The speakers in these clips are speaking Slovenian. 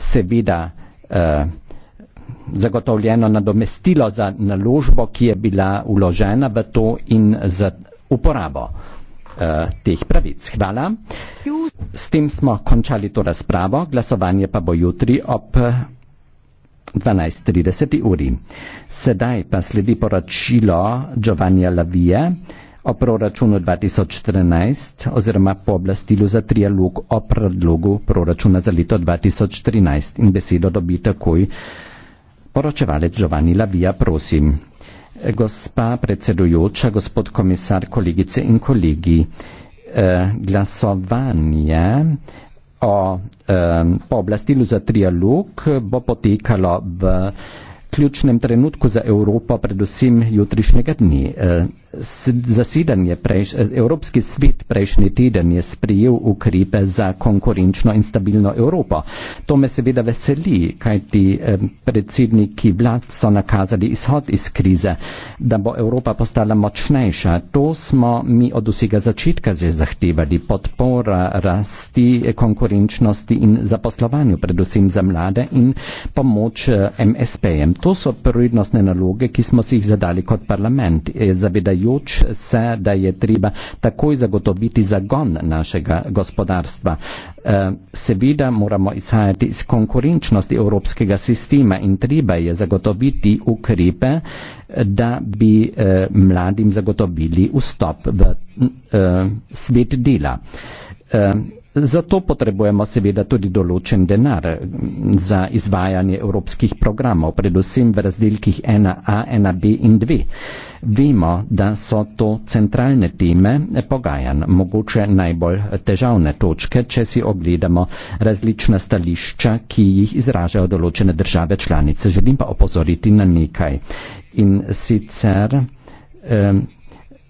seveda eh, zagotovljeno nadomestilo za naložbo, ki je bila uložena v to in za uporabo eh, teh pravic. Hvala. S tem smo končali to razpravo, glasovanje pa bo jutri ob 12.30 uri. Sedaj pa sledi poročilo Giovanni Lavije o proračunu 2014 oziroma pooblastilu za trialog o predlogu proračuna za leto 2013 in besedo dobi takoj poročevalec Giovanni Lavija, prosim. Gospa predsedujoča, gospod komisar, kolegice in kolegi, eh, glasovanje o eh, pooblastilu za trialog bo potekalo v ključnem trenutku za Evropo, predvsem jutrišnjega dne. Eh, zasedanje prejš, eh, Evropski svet prejšnji teden je sprijel ukrepe za konkurenčno in stabilno Evropo. To me seveda veseli, kajti eh, predsedniki vlad so nakazali izhod iz krize, da bo Evropa postala močnejša. To smo mi od vsega začetka že zahtevali. Podpora rasti, konkurenčnosti in zaposlovanju, predvsem za mlade in pomoč MSP-jem to so prioritnostne naloge, ki smo si jih zadali kot parlament, e, zavedajoč se, da je treba takoj zagotoviti zagon našega gospodarstva. E, seveda moramo izhajati iz konkurenčnosti evropskega sistema in treba je zagotoviti ukrepe, da bi e, mladim zagotovili vstop v svet dela. Zato potrebujemo seveda tudi določen denar za izvajanje evropskih programov, predvsem v razdelkih 1A, 1B in 2. Vemo, da so to centralne teme pogajanj, mogoče najbolj težavne točke, če si ogledamo različna stališča, ki jih izražajo določene države članice. Želim pa opozoriti na nekaj. In sicer. Eh,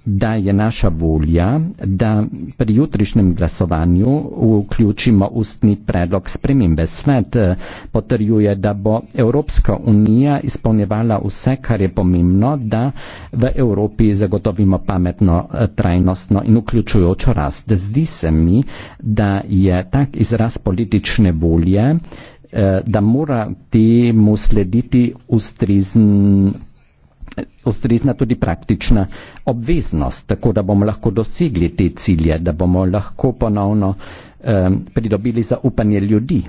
da je naša volja, da pri jutrišnjem glasovanju vključimo ustni predlog spremembe. Svet eh, potrjuje, da bo Evropska unija izpolnjevala vse, kar je pomembno, da v Evropi zagotovimo pametno, eh, trajnostno in vključujočo rast. Zdi se mi, da je tak izraz politične volje, eh, da mora temu slediti ustrizen ustrezna tudi praktična obveznost, tako da bomo lahko dosegli te cilje, da bomo lahko ponovno um, pridobili zaupanje ljudi.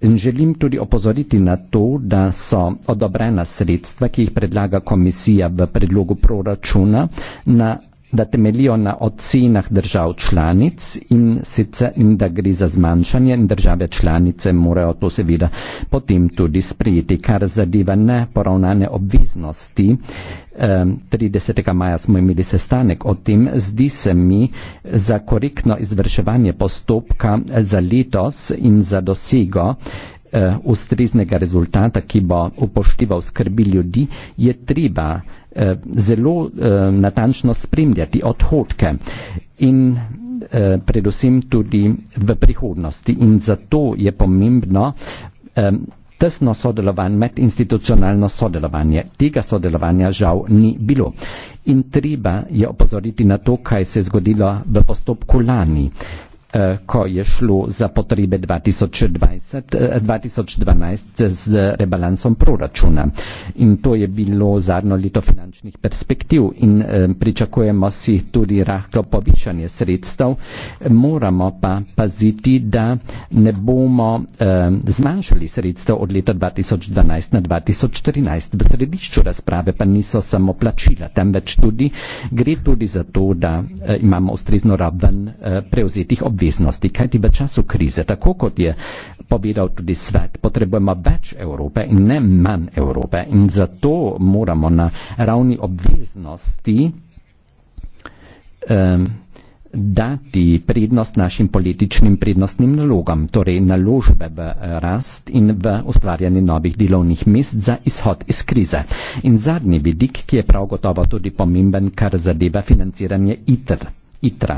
In želim tudi opozoriti na to, da so odobrena sredstva, ki jih predlaga komisija v predlogu proračuna, na da temeljijo na ocenah držav članic in, sicer, in da gre za zmanjšanje in države članice morajo to seveda potem tudi sprejeti. Kar zadeva neporavnane obveznosti, 30. Ehm, maja smo imeli sestanek o tem, zdi se mi za korektno izvrševanje postopka za letos in za dosego uh, ustreznega rezultata, ki bo upošteval skrbi ljudi, je treba uh, zelo uh, natančno spremljati odhodke in uh, predvsem tudi v prihodnosti. In zato je pomembno um, tesno sodelovanje, medinstitucionalno sodelovanje. Tega sodelovanja žal ni bilo. In treba je opozoriti na to, kaj se je zgodilo v postopku lani. Uh, Eh, ko je šlo za potrebe 2020, 2012 eh, z rebalansom proračuna. In to je bilo zadnjo leto finančnih perspektiv in eh, pričakujemo si tudi rahlo povišanje sredstev. Moramo pa paziti, da ne bomo zmanjšali sredstev od leta 2012 na 2013. V središču razprave pa niso samo plačila, temveč tudi gre tudi za to, da imamo ustrezno raven prevzetih obveznosti obveznosti, kajti v času krize, tako kot je povedal tudi svet, potrebujemo več Evrope in ne manj Evrope in zato moramo na ravni obveznosti um, dati prednost našim političnim prednostnim nalogam, torej naložbe v eh, rast in v ustvarjanje novih delovnih mest za izhod iz krize. In zadnji vidik, ki je prav gotovo tudi pomemben, kar zadeva financiranje ITR. ITRA.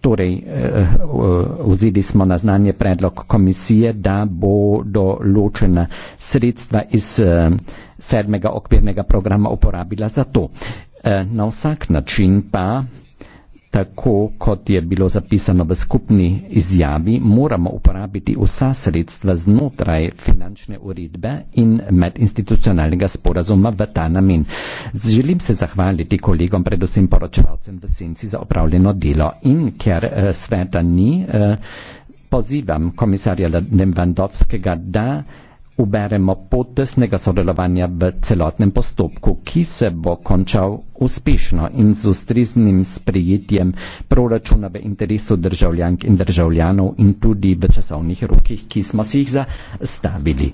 Torej, eh, eh, vzeli smo na znanje predlog komisije, da bo določena sredstva iz eh, sedmega okvirnega programa uporabila za to. Na vsak način pa Tako kot je bilo zapisano v skupni izjavi, moramo uporabiti vsa sredstva znotraj finančne uredbe in medinstitucionalnega sporazuma v ta namen. Želim se zahvaliti kolegom, predvsem poročevalcem v senci za opravljeno delo in ker eh, sveta ni, eh, pozivam komisarja Lewandowskega, da uberemo pot tesnega sodelovanja v celotnem postopku, ki se bo končal uspešno in z ustriznim sprejetjem proračuna v interesu državljank in državljanov in tudi v časovnih rokih, ki smo si jih zastavili.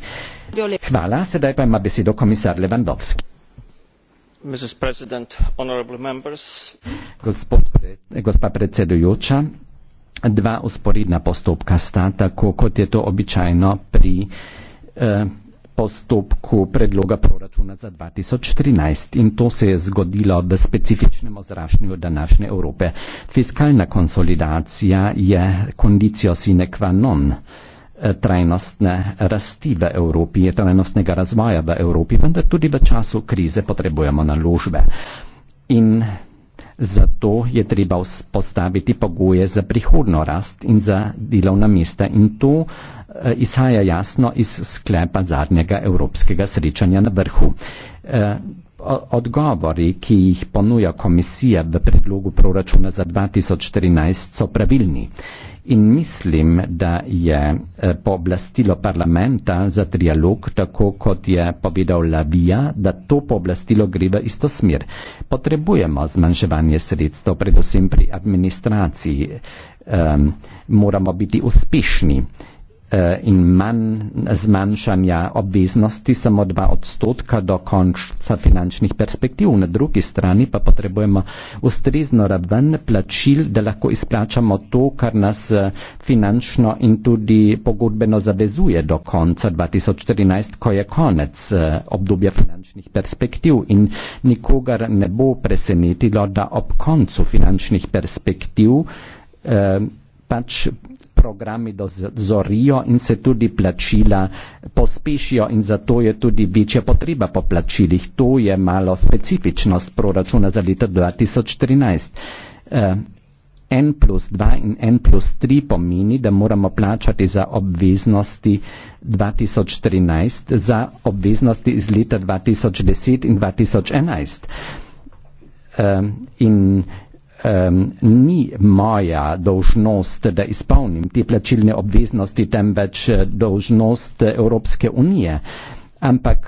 Hvala, sedaj pa ima besedo komisar Levandovski. Gospod, gospa predsedujoča, dva usporedna postopka sta, tako kot je to običajno pri Eh, postopku predloga proračuna za 2013 in to se je zgodilo v specifičnem ozračju današnje Evrope. Fiskalna konsolidacija je kondicijo sine qua non eh, trajnostne rasti v Evropi, trajnostnega razvoja v Evropi, vendar tudi v času krize potrebujemo naložbe. In Zato je treba vzpostaviti pogoje za prihodno rast in za delovna mesta in to eh, izhaja jasno iz sklepa zadnjega evropskega srečanja na vrhu. Eh, odgovori, ki jih ponuja komisija v predlogu proračuna za 2014, so pravilni. In mislim, da je eh, pooblastilo parlamenta za trialog, tako kot je povedal Lavija, da to pooblastilo gre v isto smer. Potrebujemo zmanjševanje sredstev, predvsem pri administraciji. Um, moramo biti uspešni. Eh, in manj zmanjšanja obveznosti samo 2 odstotka do konca finančnih perspektiv. Na drugi strani pa potrebujemo ustrezno raven plačil, da lahko izplačamo to, kar nas eh, finančno in tudi pogodbeno zavezuje do konca 2014, ko je konec eh, obdobja finančnih perspektiv. In nikogar ne bo presenetilo, da ob koncu finančnih perspektiv eh, pač programi dozorijo in se tudi plačila pospešijo in zato je tudi večja potreba po plačilih. To je malo specifičnost proračuna za leto 2013. Eh, N plus 2 in N plus 3 pomeni, da moramo plačati za obveznosti 2013, za obveznosti iz leta 2010 in 2011. Um, eh, in um, ni moja dolžnost, da izpolnim te plačilne obveznosti, temveč eh, dolžnost Evropske unije. Ampak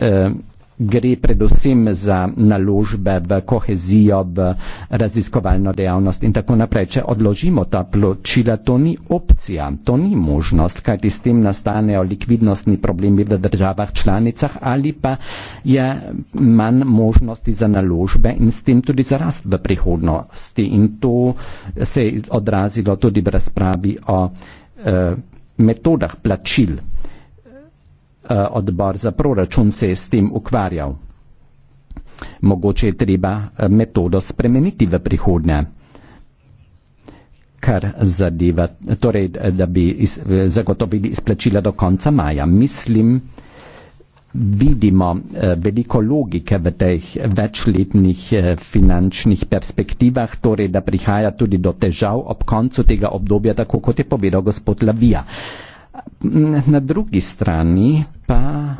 um, gre predvsem za naložbe v kohezijo, v raziskovalno dejavnost in tako naprej. Če odložimo ta pločila, to ni opcija, to ni možnost, kajti s tem nastanejo likvidnostni problemi v državah članicah ali pa je manj možnosti za naložbe in s tem tudi za rast v prihodnosti. In to se je odrazilo tudi v razpravi o eh, metodah plačil. Eh, odbor za proračun se je s tem ukvarjal. Mogoče je treba eh, metodo spremeniti v prihodnje, kar zadeva, torej, eh, da bi iz, zagotovili izplačila do konca maja. Mislim, vidimo veliko logike v teh večletnih finančnih perspektivah, torej, da prihaja tudi do težav ob koncu tega obdobja, tako kot je povedal gospod Lavija na drugi strani pa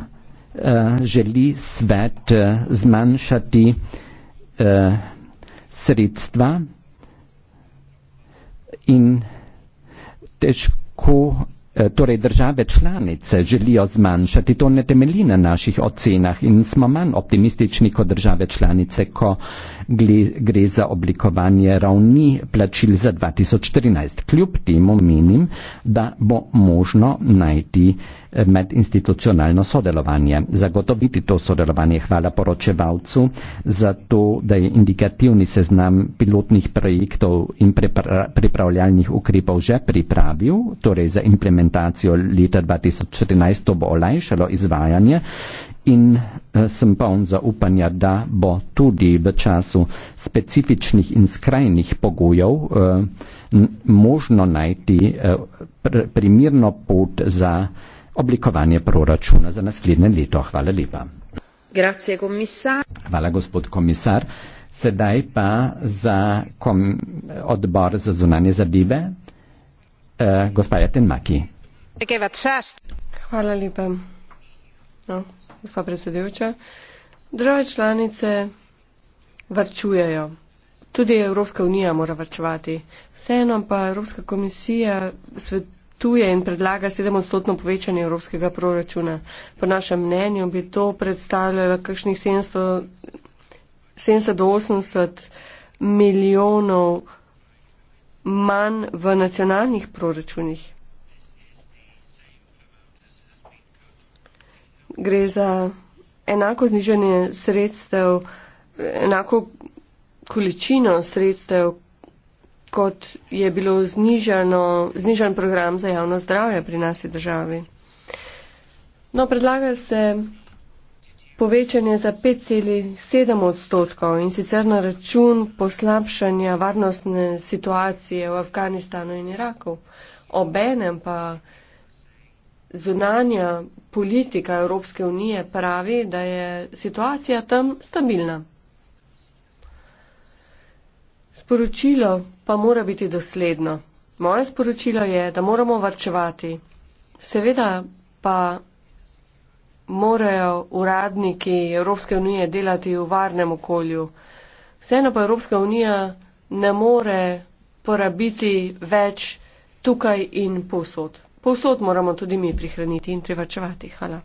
uh, želi svet uh, zmanjšati uh, sredstva in težko Eh, torej države članice želijo zmanjšati, to ne temelji na naših ocenah in smo manj optimistični kot države članice, ko gre za oblikovanje ravni plačil za 2014. Kljub temu menim, da bo možno najti medinstitucionalno sodelovanje. Zagotoviti to sodelovanje hvala poročevalcu za to, da je indikativni seznam pilotnih projektov in pripra pripravljalnih ukrepov že pripravil, torej za implementacijo leta 2014 to bo olajšalo izvajanje. In eh, sem poln zaupanja, da bo tudi v času specifičnih in skrajnih pogojev eh, možno najti eh, pr primirno pot za oblikovanje proračuna za naslednje leto. Hvala lepa. Grazie, Hvala, gospod komisar. Sedaj pa za kom, odbor za zunanje zadeve, eh, gospa Jaten Maki. Hvala lepa, no, gospa predsedujoča. Države članice varčujejo. Tudi Evropska unija mora varčevati. Vseeno pa Evropska komisija svetuje tuje in predlaga sedemodstotno povečanje evropskega proračuna. Po našem mnenju bi to predstavljalo kakšnih 700 do 80 milijonov manj v nacionalnih proračunih. Gre za enako znižanje sredstev, enako količino sredstev, kot je bilo znižano, znižan program za javno zdravje pri nas v državi. No, predlaga se povečanje za 5,7 odstotkov in sicer na račun poslabšanja varnostne situacije v Afganistanu in Iraku. Obenem pa zunanja politika Evropske unije pravi, da je situacija tam stabilna. Sporočilo pa mora biti dosledno. Moje sporočilo je, da moramo varčevati. Seveda pa morajo uradniki Evropske unije delati v varnem okolju. Vseeno pa Evropska unija ne more porabiti več tukaj in povsod. Povsod moramo tudi mi prihraniti in privačevati. Hvala.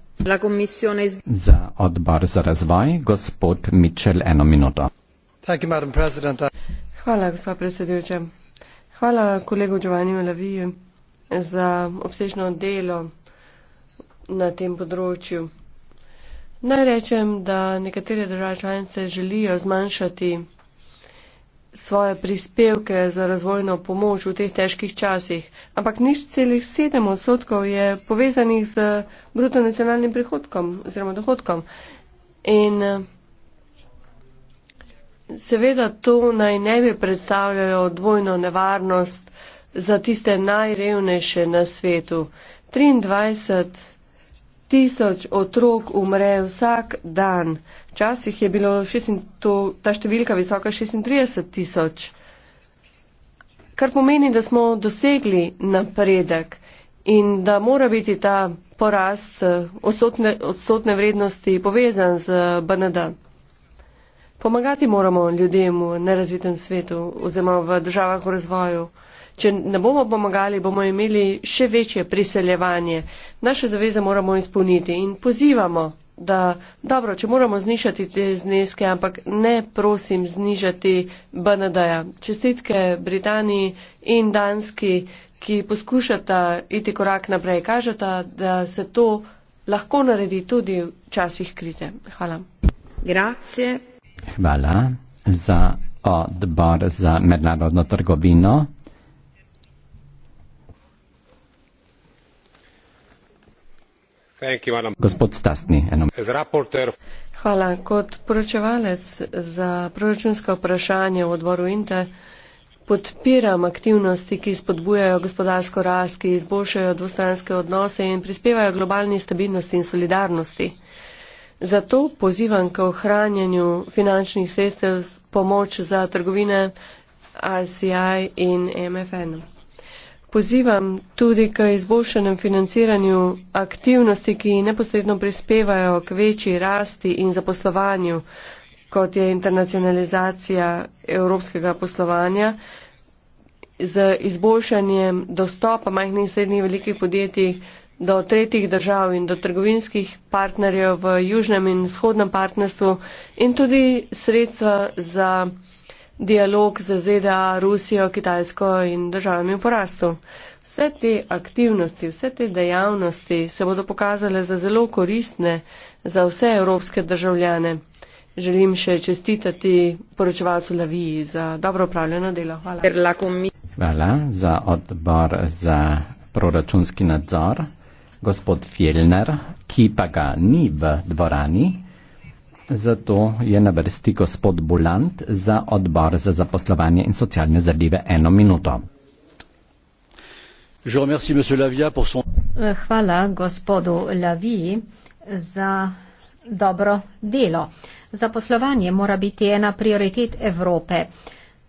Za odbor za razvoj, gospod Mičel, eno minuto. Thank you, Hvala, gospod predsedujoče. Hvala kolegu Giovanni Malaviju za obsežno delo na tem področju. Naj rečem, da nekatere države članice želijo zmanjšati svoje prispevke za razvojno pomoč v teh težkih časih, ampak nič celih sedem odstotkov je povezanih z bruto nacionalnim prihodkom oziroma dohodkom. In Seveda to naj ne bi predstavljalo dvojno nevarnost za tiste najrevnejše na svetu. 23 tisoč otrok umre vsak dan. Včasih je bilo to, ta številka visoka 36 tisoč. Kar pomeni, da smo dosegli napredek in da mora biti ta porast eh, odstotne, odstotne vrednosti povezan z BND. Pomagati moramo ljudem v nerazvitem svetu oziroma v državah v razvoju. Če ne bomo pomagali, bomo imeli še večje priseljevanje. Naše zaveze moramo izpolniti in pozivamo, da dobro, če moramo znišati te zneske, ampak ne prosim znižati BND-ja. Čestitke Britaniji in Danski, ki poskušata iti korak naprej, kažeta, da se to lahko naredi tudi v časih krize. Hvala. Grazie. Hvala za odbor za mednarodno trgovino. Gospod Stasni, eno. Hvala. Kot poročevalec za proračunska vprašanja v odboru INTE podpiram aktivnosti, ki spodbujajo gospodarsko rast, ki izboljšajo dvostranske odnose in prispevajo globalni stabilnosti in solidarnosti. Zato pozivam k ohranjanju finančnih sredstev pomoč za trgovine ICI in MFN. Pozivam tudi k izboljšanem financiranju aktivnosti, ki neposredno prispevajo k večji rasti in zaposlovanju, kot je internacionalizacija evropskega poslovanja, z izboljšanjem dostopa majhnih in srednjih velikih podjetij do tretjih držav in do trgovinskih partnerjev v južnem in vzhodnem partnerstvu in tudi sredstva za dialog z ZDA, Rusijo, Kitajsko in državami v porastu. Vse te aktivnosti, vse te dejavnosti se bodo pokazale za zelo koristne za vse evropske državljane. Želim še čestitati poročevalcu Laviji za dobro upravljeno delo. Hvala. Hvala za odbor za proračunski nadzor gospod Fjellner, ki pa ga ni v dvorani. Zato je na vrsti gospod Bulant za odbor za zaposlovanje in socialne zadeve eno minuto. Hvala gospodu Laviji za dobro delo. Zaposlovanje mora biti ena prioritet Evrope.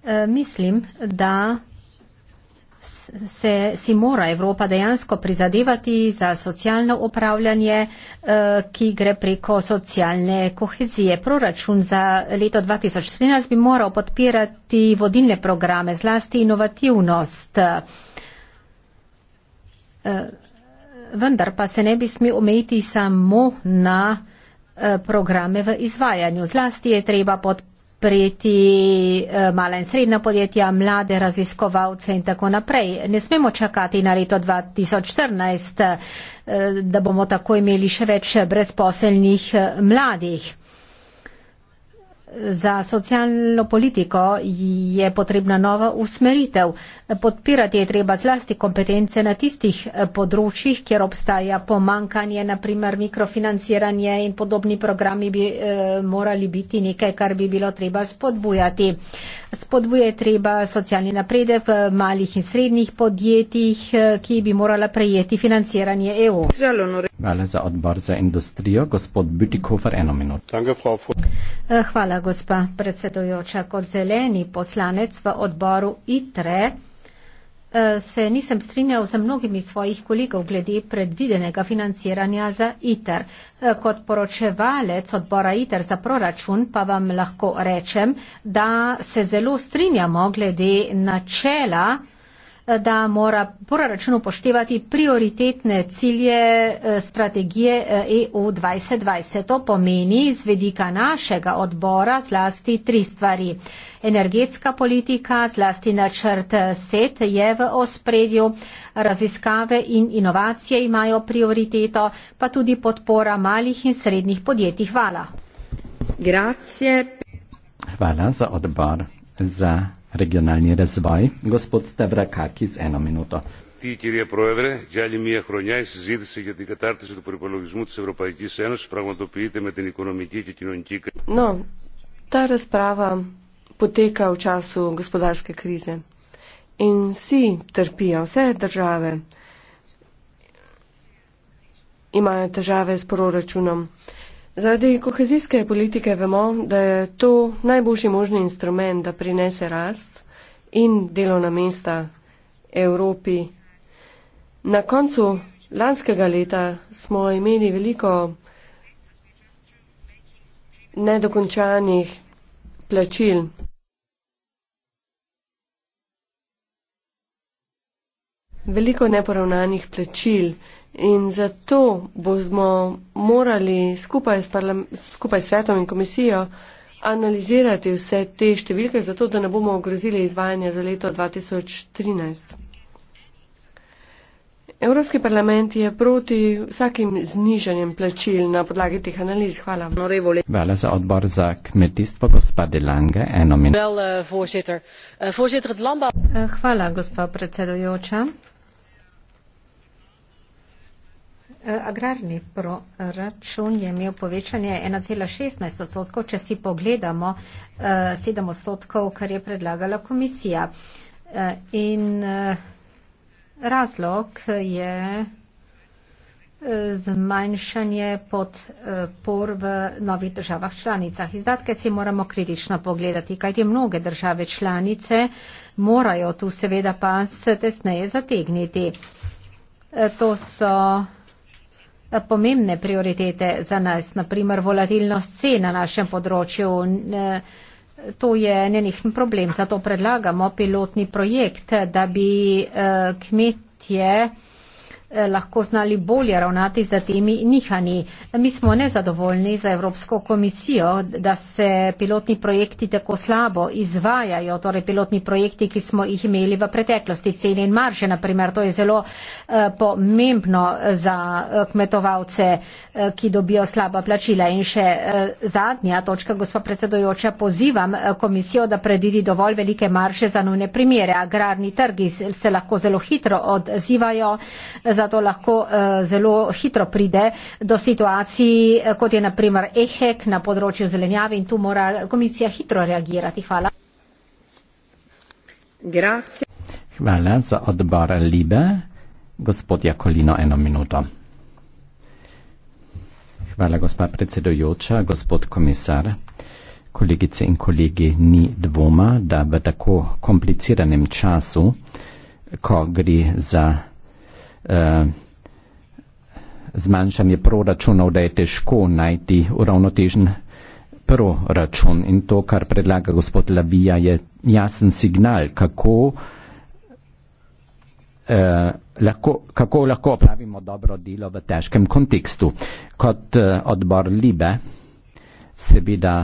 E, mislim, da se, si mora Evropa dejansko prizadevati za socialno upravljanje, eh, ki gre preko socialne kohezije. Proračun za leto 2013 bi moral podpirati vodilne programe, zlasti inovativnost. Eh, vendar pa se ne bi smel omejiti samo na eh, programe v izvajanju. Zlasti je treba podpirati podpreti eh, mala in srednja podjetja, mlade raziskovalce in tako naprej. Ne smemo čakati na leto 2014, eh, da bomo tako imeli še več brezposelnih eh, mladih. Za socialno politiko je potrebna nova usmeritev. Podpirati je treba zlasti kompetence na tistih eh, področjih, kjer obstaja pomankanje, naprimer mikrofinanciranje in podobni programi bi eh, morali biti nekaj, kar bi bilo treba spodbujati. Spodbuje treba socialni napredek v malih in srednjih podjetjih, eh, ki bi morala prejeti financiranje EU. Hvala za odbor za industrijo. Gospod Bütikofer, eno minuto. Eh, hvala gospa predsedujoča. Kot zeleni poslanec v odboru ITRE eh, se nisem strinjal z mnogimi svojih kolegov glede predvidenega financiranja za ITER. Eh, kot poročevalec odbora ITER za proračun pa vam lahko rečem, da se zelo strinjamo glede načela da mora proračun upoštevati prioritetne cilje eh, strategije EU eh, 2020. E to pomeni z vedika našega odbora zlasti tri stvari. Energetska politika, zlasti načrt eh, SET je v ospredju, raziskave in inovacije imajo prioriteto, pa tudi podpora malih in srednjih podjetij. Hvala. Grazie. Hvala za odbor. Za regionalni razvoj, gospod Stavrakaki z eno minuto. No, ta razprava poteka v času gospodarske krize in vsi trpijo, vse države imajo težave s proračunom. Zaradi kohezijske politike vemo, da je to najboljši možni instrument, da prinese rast in delovna mesta Evropi. Na koncu lanskega leta smo imeli veliko nedokončanih plačil. Veliko neporavnanih plačil. In zato bomo morali skupaj s, skupaj s svetom in komisijo analizirati vse te številke, zato da ne bomo ogrozili izvajanja za leto 2013. Evropski parlament je proti vsakim znižanjem plačil na podlagi teh analiz. Hvala. Hvala za odbor za kmetijstvo, gospa Delange. Eh, eh, eh, hvala, gospa predsedojoča. Agrarni proračun je imel povečanje 1,16 odstotkov, če si pogledamo 7 eh, odstotkov, kar je predlagala komisija. Eh, in eh, razlog je zmanjšanje podpor v novih državah članicah. Izdatke si moramo kritično pogledati, kajti mnoge države članice morajo tu seveda pas tesneje zategniti. To so pomembne prioritete za nas, naprimer volatilnost cen na našem področju. Eh, to je nenehen problem, zato predlagamo pilotni projekt, da bi eh, kmetje Eh, lahko znali bolje ravnati za temi nihani. Mi smo nezadovoljni za Evropsko komisijo, da se pilotni projekti tako slabo izvajajo, torej pilotni projekti, ki smo jih imeli v preteklosti, cene in marže, naprimer, to je zelo eh, pomembno eh, za kmetovalce, ki dobijo slaba plačila. In še zadnja točka, gospa predsedojoča, pozivam komisijo, da predvidi dovolj velike marže za nujne primere. Agrarni trgi se lahko zelo hitro odzivajo. Za zato lahko eh, zelo hitro pride do situacij, eh, kot je naprimer EHEK na področju zelenjave in tu mora komisija hitro reagirati. Hvala. Grazie. Hvala za odbor Libe. Gospod Jakolino, eno minuto. Hvala, gospa predsedojoča, gospod komisar. Kolegice in kolegi, ni dvoma, da v tako kompliciranem času, ko gre za Eh, zmanjšanje proračunov, da je težko najti uravnotežen proračun. In to, kar predlaga gospod Labija, je jasen signal, kako, eh, lahko, kako lahko opravimo dobro delo v težkem kontekstu. Kot eh, odbor Libe, seveda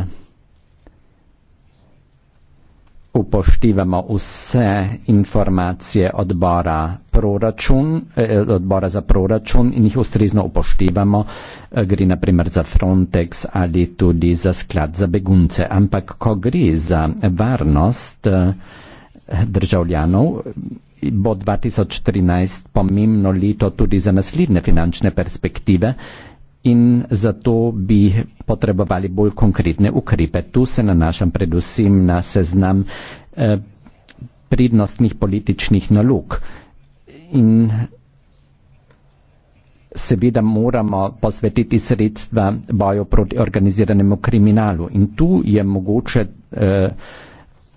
upoštevamo vse informacije odbora, proračun, eh, odbora za proračun in jih ustrezno upoštevamo, eh, gre naprimer za Frontex ali tudi za sklad za begunce. Ampak, ko gre za varnost eh, državljanov, bo 2013 pomembno leto tudi za naslednje finančne perspektive in zato bi potrebovali bolj konkretne ukrepe. Tu se nanašam predvsem na seznam eh, pridnostnih političnih nalog. In seveda moramo posvetiti sredstva boju proti organiziranemu kriminalu. In tu je mogoče eh,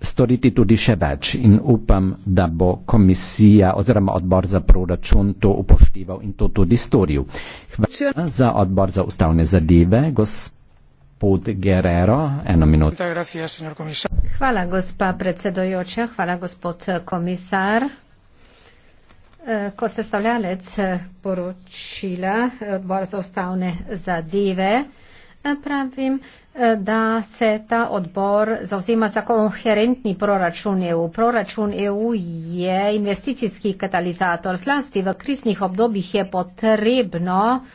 storiti tudi še več in upam, da bo komisija oziroma odbor za proračun to upošteval in to tudi storil. Hvala za odbor za ustavne zadeve, gospod Guerrero, eno minuto. Hvala, gospa predsedojoča, hvala, gospod eh, komisar. Eh, kot sestavljalec eh, poročila odbora za ustavne zadeve, pravim, eh, da se ta odbor zauzema za koherentni proračun EU. Proračun EU je investicijski katalizator. Zlasti v kriznih obdobjih je potrebno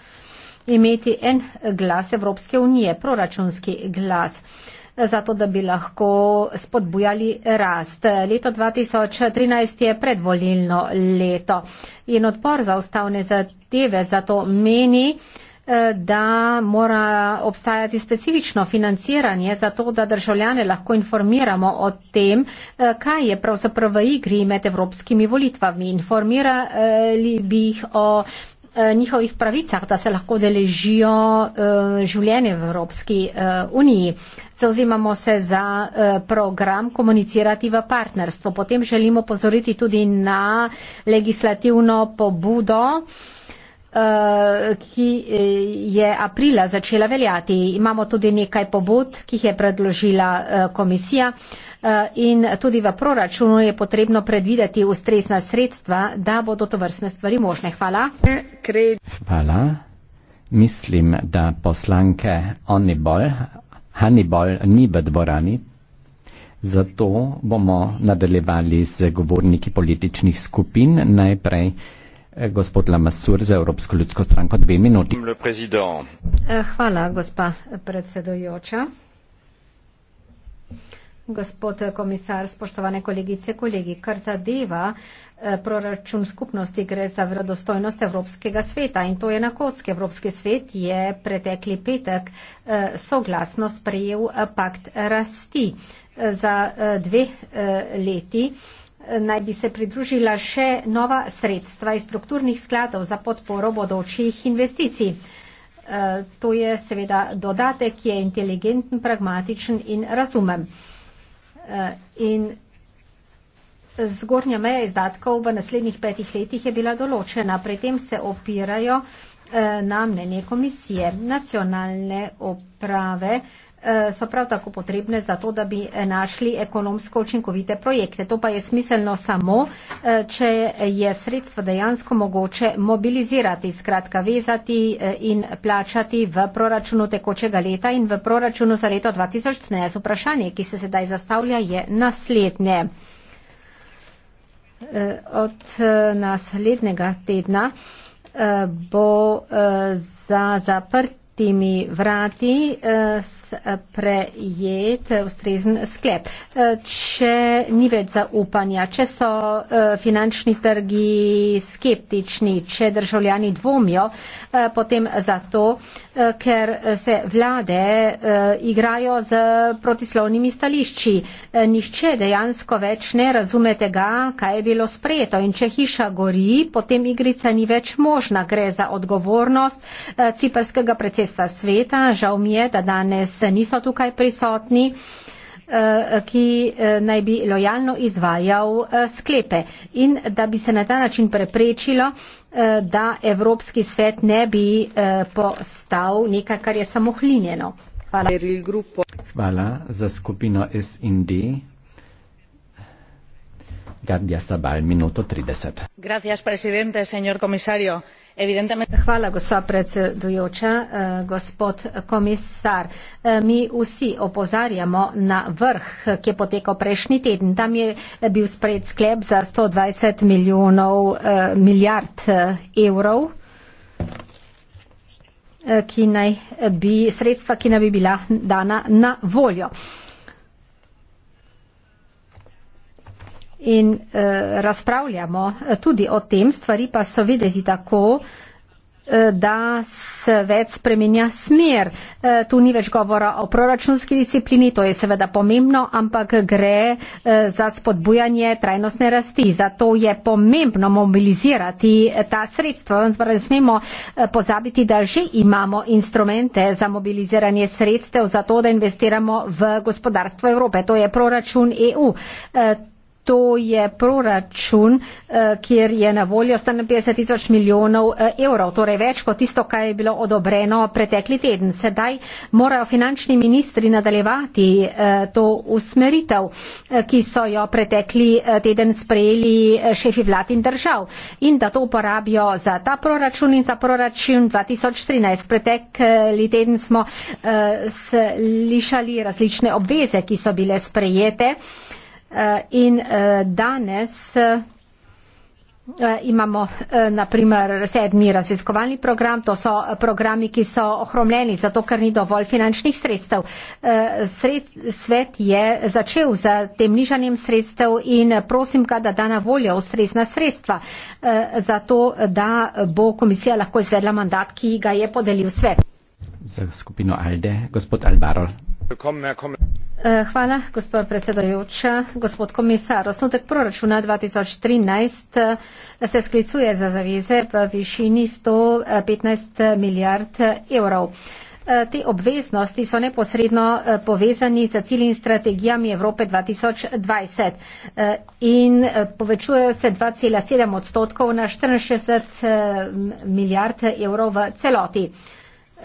imeti en glas Evropske unije, proračunski glas, zato da bi lahko spodbujali rast. Leto 2013 je predvolilno leto in odbor za ustavne zadeve zato meni, Eh, da mora obstajati specifično financiranje za to, da državljane lahko informiramo o tem, eh, kaj je pravzaprav v igri med evropskimi volitvami. Informirali bi jih o eh, njihovih pravicah, da se lahko deležijo življenje v Evropski uniji. Zauzimamo se za program komunicirati v partnerstvo. Potem želimo pozoriti tudi na legislativno pobudo ki eh, je aprila začela veljati. Imamo tudi nekaj pobud, ki jih je predložila eh, komisija eh, in tudi v proračunu je potrebno predvideti ustrezna sredstva, da bodo to vrstne stvari možne. Hvala. Hvala. Mislim, da poslanke Onibol, Hannibol ni v dvorani. Zato bomo nadaljevali z govorniki političnih skupin. Najprej Eh, gospod Lamassur za Evropsko ljudsko stranko, dve minuti. Eh, hvala, gospa predsedojoča. Gospod komisar, spoštovane kolegice, kolegi, kar zadeva eh, proračun skupnosti, gre za vredostojnost Evropskega sveta in to je na kocki. Evropski svet je pretekli petek soglasno sprejel pakt rasti za dve leti naj bi se pridružila še nova sredstva iz strukturnih skladov za podporo bodočih investicij. E, to je seveda dodatek, ki je inteligenten, pragmatičen in razumem. E, in zgornja meja izdatkov v naslednjih petih letih je bila določena. Pri tem se opirajo e, na mnenje komisije nacionalne uprave, Eh, so prav tako potrebne za to, da bi našli ekonomsko učinkovite projekte. To pa je smiselno samo, eh, če je sredstvo dejansko mogoče mobilizirati, skratka vezati eh, in plačati v proračunu tekočega leta in v proračunu za leto 2013. Vprašanje, ki se sedaj zastavlja, je naslednje. Od naslednjega tedna bo za zaprti temi vrati eh, eh, prejet ustrezen sklep. Eh, če ni več zaupanja, če so finančni trgi skeptični, če državljani dvomijo, potem zato, ker se vlade igrajo z protislovnimi stališči. Nihče dejansko več ne razume tega, kaj je bilo sprejeto. In če hiša gori, potem igrica ni več možna. Gre za odgovornost ciperskega predsednika mesta sveta, žal mi je, da danes niso tukaj prisotni, eh, ki eh, naj bi lojalno izvajal eh, sklepe in da bi se na ta način preprečilo, da Evropski svet ne bi postal nekaj, kar je samohlinjeno. Hvala. Hvala za skupino SND gospa predsednica eh, gospod komisar eh, mi vsi opozarjamo na vrh ki je potekal prejšnji teden tam je bil sprejet sklep za sto dvajset milijonov eh, milijard evrov ki naj bi sredstva ki naj bi bila dana na voljo in uh, razpravljamo tudi o tem, stvari pa so videti tako, eh, da svet spremenja smer. Eh, tu ni več govora o proračunski disciplini, to je seveda pomembno, ampak gre za spodbujanje trajnostne rasti. Zato je pomembno mobilizirati ta sredstva. Vendar ne smemo pozabiti, da že imamo instrumente za mobiliziranje sredstev, zato da investiramo v gospodarstvo Evrope. To je proračun EU to je proračun, eh, kjer je na voljo 150 tisoč milijonov eh, evrov, torej več kot tisto, kaj je bilo odobreno pretekli teden. Sedaj morajo finančni ministri nadaljevati eh, to usmeritev, ki so jo pretekli teden sprejeli šefi vlad in držav in da to uporabijo za ta proračun in za proračun 2013. Pretekli teden smo slišali različne obveze, ki so bile sprejete. Eh, in eh, danes eh, imamo na primer sedmi raziskovalni program, to so programi, ki so ohromljeni, zato ker ni dovolj finančnih sredstev. Svet je začel z tem nižanjem sredstev in prosim ga, da da na voljo ustrezna sredstva, zato da bo komisija lahko izvedla mandat, ki ga je podelil svet. Za skupino Alde, gospod Albarol. Eh, hvala, gospod predsedujoča. Gospod komisar, osnutek proračuna 2013 eh, se sklicuje za zavize v višini 115 eh, milijard evrov. Te obveznosti so neposredno povezani z cilji in strategijami Evrope 2020 in povečujejo se 2,7 odstotkov na 64 milijard evrov v celoti.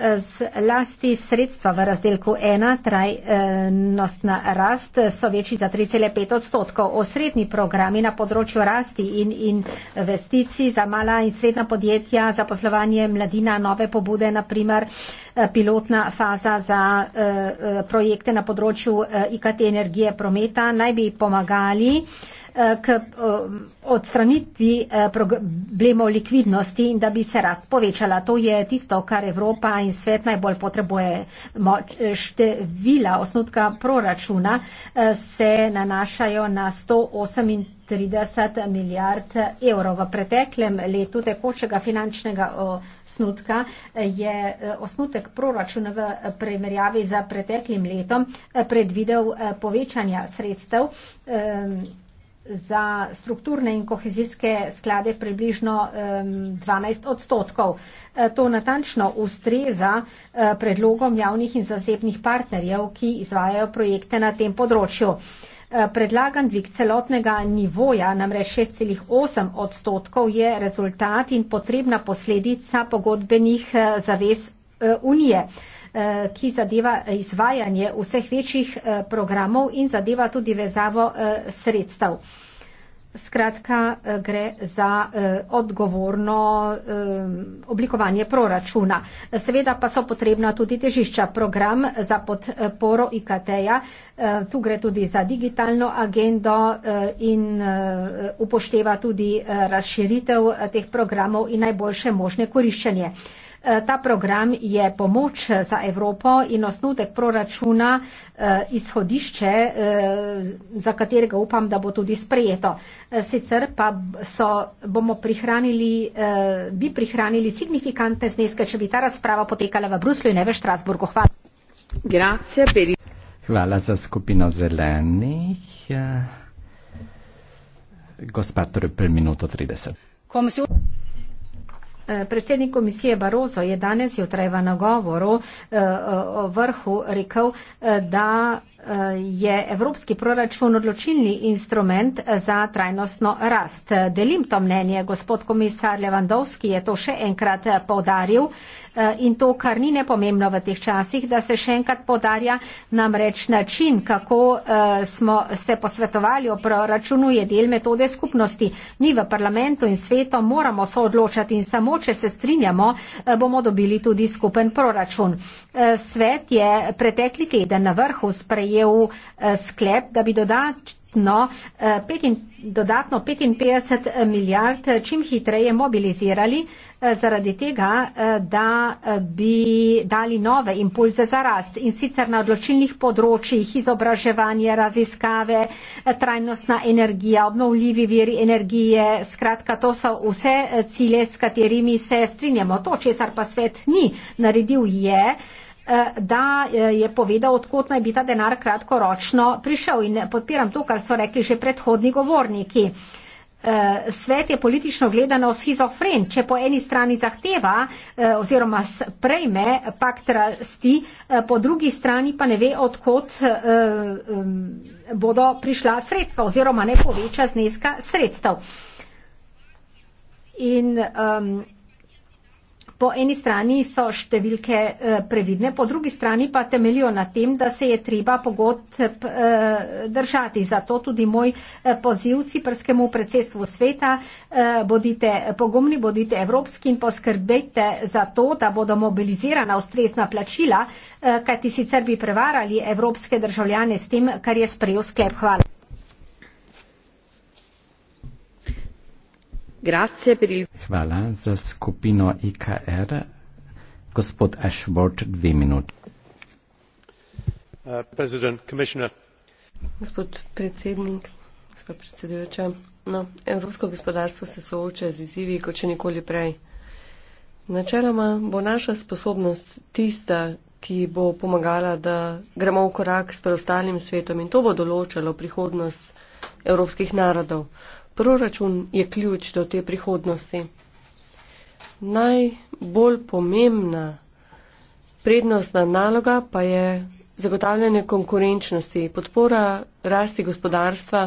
Z lasti sredstva v razdelku 1 trajnostna rast so večji za 3,5 odstotkov. Osrednji programi na področju rasti in investicij za mala in srednja podjetja, za poslovanje mladina, nove pobude, naprimer eh, pilotna faza za eh, eh, projekte na področju IKT energije prometa, naj bi pomagali Eh, k eh, odstranitvi eh, problemov likvidnosti in da bi se rast povečala. To je tisto, kar Evropa in svet najbolj potrebuje. Moč, števila osnutka proračuna se nanašajo na 138. 30 milijard evrov. V preteklem letu tekočega finančnega osnutka je osnutek proračuna v primerjavi z preteklim letom predvidel povečanja sredstev. Eh, za strukturne in kohezijske sklade približno 12 odstotkov. E, to natančno ustreza e, predlogom javnih in zasebnih partnerjev, ki izvajajo projekte na tem področju. E, predlagan dvig celotnega nivoja, namreč 6,8 odstotkov, je rezultat in potrebna posledica pogodbenih zavez Unije. Eh, ki zadeva izvajanje vseh večjih eh, programov in zadeva tudi vezavo eh, sredstev. Skratka, gre za eh, odgovorno eh, oblikovanje proračuna. Seveda pa so potrebna tudi težišča. Program za podporo IKT-ja, eh, tu gre tudi za digitalno agendo eh, in eh, upošteva tudi eh, razširitev teh programov in najboljše možne koriščenje. Eh, Eh, ta program je pomoč eh, za Evropo in osnutek proračuna eh, izhodišče, za katerega upam, da bo tudi sprejeto. Sicer pa so, bomo prihranili, bi prihranili signifikantne zneske, če bi ta razprava potekala v Bruslju in ne v Štrasburgu. Hvala. Grazie, peri... Hvala za skupino zelenih. Gospod Trupel, torej, minuto 30. Komisijo. Eh, predsednik komisije Barozo je danes jutraj v nagovoru eh, eh, o vrhu rekel, da je evropski proračun odločilni instrument za trajnostno rast. Delim to mnenje, gospod komisar Levandovski je to še enkrat povdaril eh, in to, kar ni nepomembno v teh časih, da se še enkrat podarja namreč način, kako eh, smo se posvetovali o proračunu, je del metode skupnosti. Mi v parlamentu in svetu moramo se odločati in samo, če se strinjamo, eh, bomo dobili tudi skupen proračun. Svet je pretekli teden na vrhu sprejel sprejel eh, sklep, da bi dodatno, eh, petin, dodatno 55 milijard eh, čim hitreje mobilizirali zaradi tega, da bi dali nove impulze za rast in sicer na odločilnih področjih izobraževanje, raziskave, trajnostna energija, obnovljivi viri energije. Skratka, to so vse cilje, s katerimi se strinjamo. To, česar pa svet ni naredil, je, Eh, da eh, je povedal, odkot naj bi ta denar kratkoročno prišel. In podpiram to, kar so rekli že predhodni govorniki. Eh, svet je politično gledano schizofren, če po eni strani zahteva oziroma prejme pakt rasti, po drugi strani pa ne ve, odkot bodo prišla sredstva oziroma ne poveča zneska sredstev. In um, Po eni strani so številke eh, previdne, po drugi strani pa temeljijo na tem, da se je treba pogod eh, držati. Zato tudi moj eh, poziv ciprskemu predsedstvu sveta, bodite pogumni, bodite evropski in poskrbite za to, da bodo mobilizirana ustrezna plačila, kajti sicer bi prevarali evropske državljane s tem, kar je sprejel sklep. Hvala. Grazie per il... Hvala za skupino IKR. Gospod Ashworth, dve minuti. Uh, gospod predsednik, gospod predsedujoča, no, evropsko gospodarstvo se sooča z izzivi, kot še nikoli prej. Načeloma bo naša sposobnost tista, ki bo pomagala, da gremo v korak s preostalim svetom in to bo določalo prihodnost evropskih narodov. Proračun je ključ do te prihodnosti. Najbolj pomembna prednostna naloga pa je zagotavljanje konkurenčnosti, podpora rasti gospodarstva,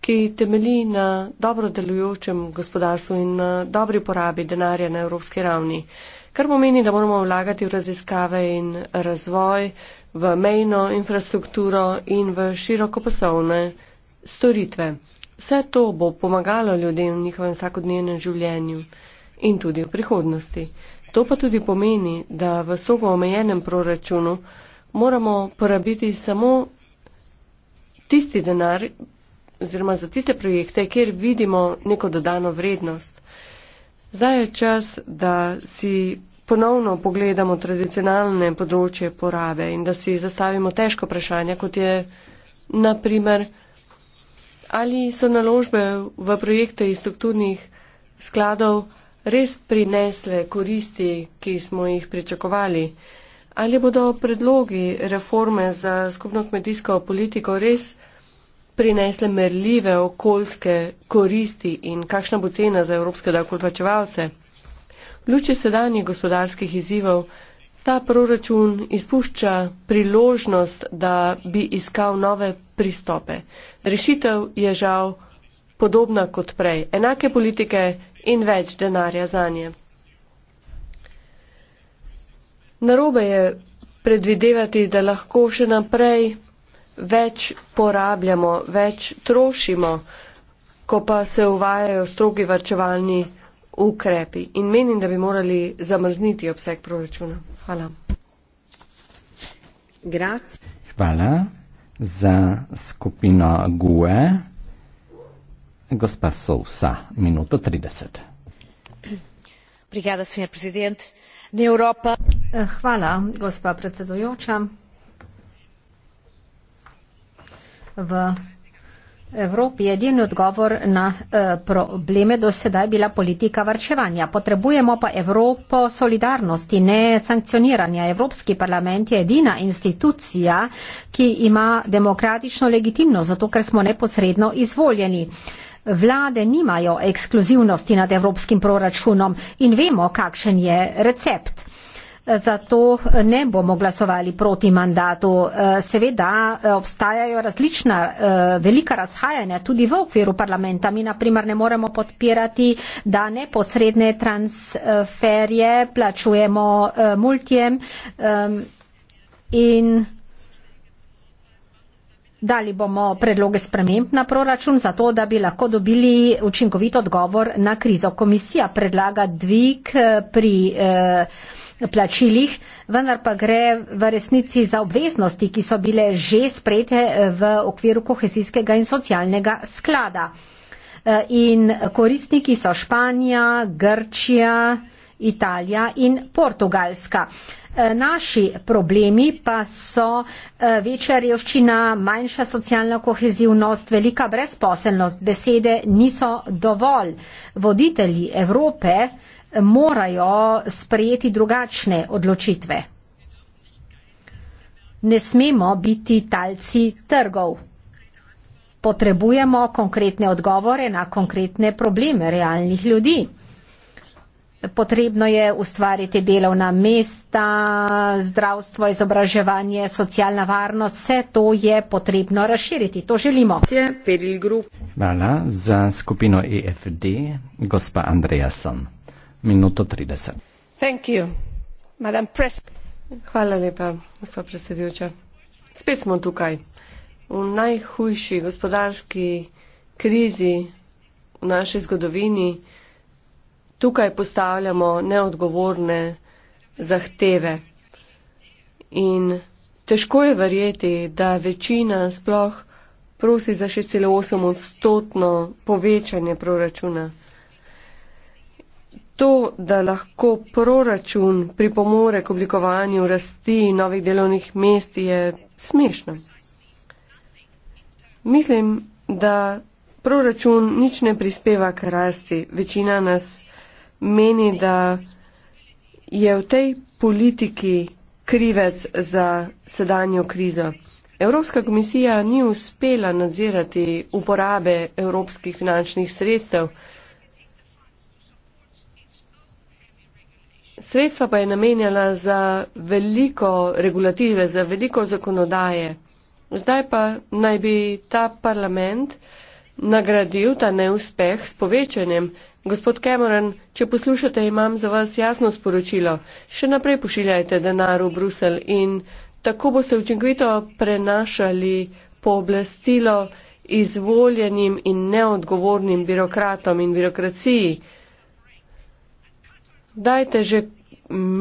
ki temelji na dobro delujočem gospodarstvu in na dobri porabi denarja na evropski ravni, kar pomeni, da moramo vlagati v raziskave in razvoj, v mejno infrastrukturo in v širokopasovne storitve. Vse to bo pomagalo ljudem v njihovem vsakodnevnem življenju in tudi v prihodnosti. To pa tudi pomeni, da v sobo omejenem proračunu moramo porabiti samo tisti denar oziroma za tiste projekte, kjer vidimo neko dodano vrednost. Zdaj je čas, da si ponovno pogledamo tradicionalne področje porabe in da si zastavimo težko vprašanje, kot je naprimer ali so naložbe v projekte iz strukturnih skladov res prinesle koristi, ki smo jih pričakovali? Ali bodo predlogi reforme za skupno kmetijsko politiko res prinesle merljive okoljske koristi in kakšna bo cena za evropske davkoplačevalce? V luči sedanjih gospodarskih izzivov Ta proračun izpušča priložnost, da bi iskal nove pristope. Rešitev je žal podobna kot prej. Enake politike in več denarja za nje. Narobe je predvidevati, da lahko še naprej več porabljamo, več trošimo, ko pa se uvajajo strogi varčevalni ukrepi in menim, da bi morali zamrzniti obseg proračuna. Hvala. Grac. Hvala za skupino GUE. Gospa Sousa, minuto 30. Obrigada, senjor prezident. Ni Evropa. Eh, hvala, gospa predsedujoča. V Evropi edini odgovor na eh, probleme do sedaj bila politika varčevanja. Potrebujemo pa Evropo solidarnosti, ne sankcioniranja. Evropski parlament je edina institucija, ki ima demokratično legitimno, zato ker smo neposredno izvoljeni. Vlade nimajo ekskluzivnosti nad evropskim proračunom in vemo, kakšen je recept zato ne bomo glasovali proti mandatu. E, seveda e, obstajajo različna e, velika razhajanja tudi v okviru parlamenta. Mi naprimer ne moremo podpirati, da neposredne transferje plačujemo multijem in dali bomo predloge sprememb na proračun za to, da bi lahko dobili učinkovit odgovor na krizo. Komisija predlaga dvig pri eh, plačilih, vendar pa gre v resnici za obveznosti, ki so bile že sprejete eh, v okviru kohezijskega in socialnega sklada. Eh, in koristniki so Španija, Grčija, Italija in Portugalska. Eh, naši problemi pa so večja revščina, manjša socialna kohezivnost, velika brezposelnost. Besede niso dovolj. Voditelji Evrope morajo sprejeti drugačne odločitve. Ne smemo biti talci trgov. Potrebujemo konkretne odgovore na konkretne probleme realnih ljudi. Potrebno je ustvariti delovna mesta, zdravstvo, izobraževanje, socialna varnost, vse to je potrebno razširiti. To želimo. Hvala za skupino EFD, gospa Andreja Son minuto trideset hvala lepa gospa predsedujoča spet smo tukaj v najhujši gospodarski krizi v naši zgodovini tukaj postavljamo neodgovorne zahteve in težko je verjeti da večina sploh prosi za šest celo osem odstotno povečanje proračuna To, da lahko proračun pripomore k oblikovanju rasti novih delovnih mest, je smešno. Mislim, da proračun nič ne prispeva k rasti. Večina nas meni, da je v tej politiki krivec za sedanjo krizo. Evropska komisija ni uspela nadzirati uporabe evropskih finančnih sredstev. sredstva pa je namenjala za veliko regulative, za veliko zakonodaje. Zdaj pa naj bi ta parlament nagradil ta neuspeh s povečanjem. Gospod Cameron, če poslušate, imam za vas jasno sporočilo. Še naprej pošiljajte denar v Brusel in tako boste učinkovito prenašali pooblastilo izvoljenim in neodgovornim birokratom in birokraciji dajte že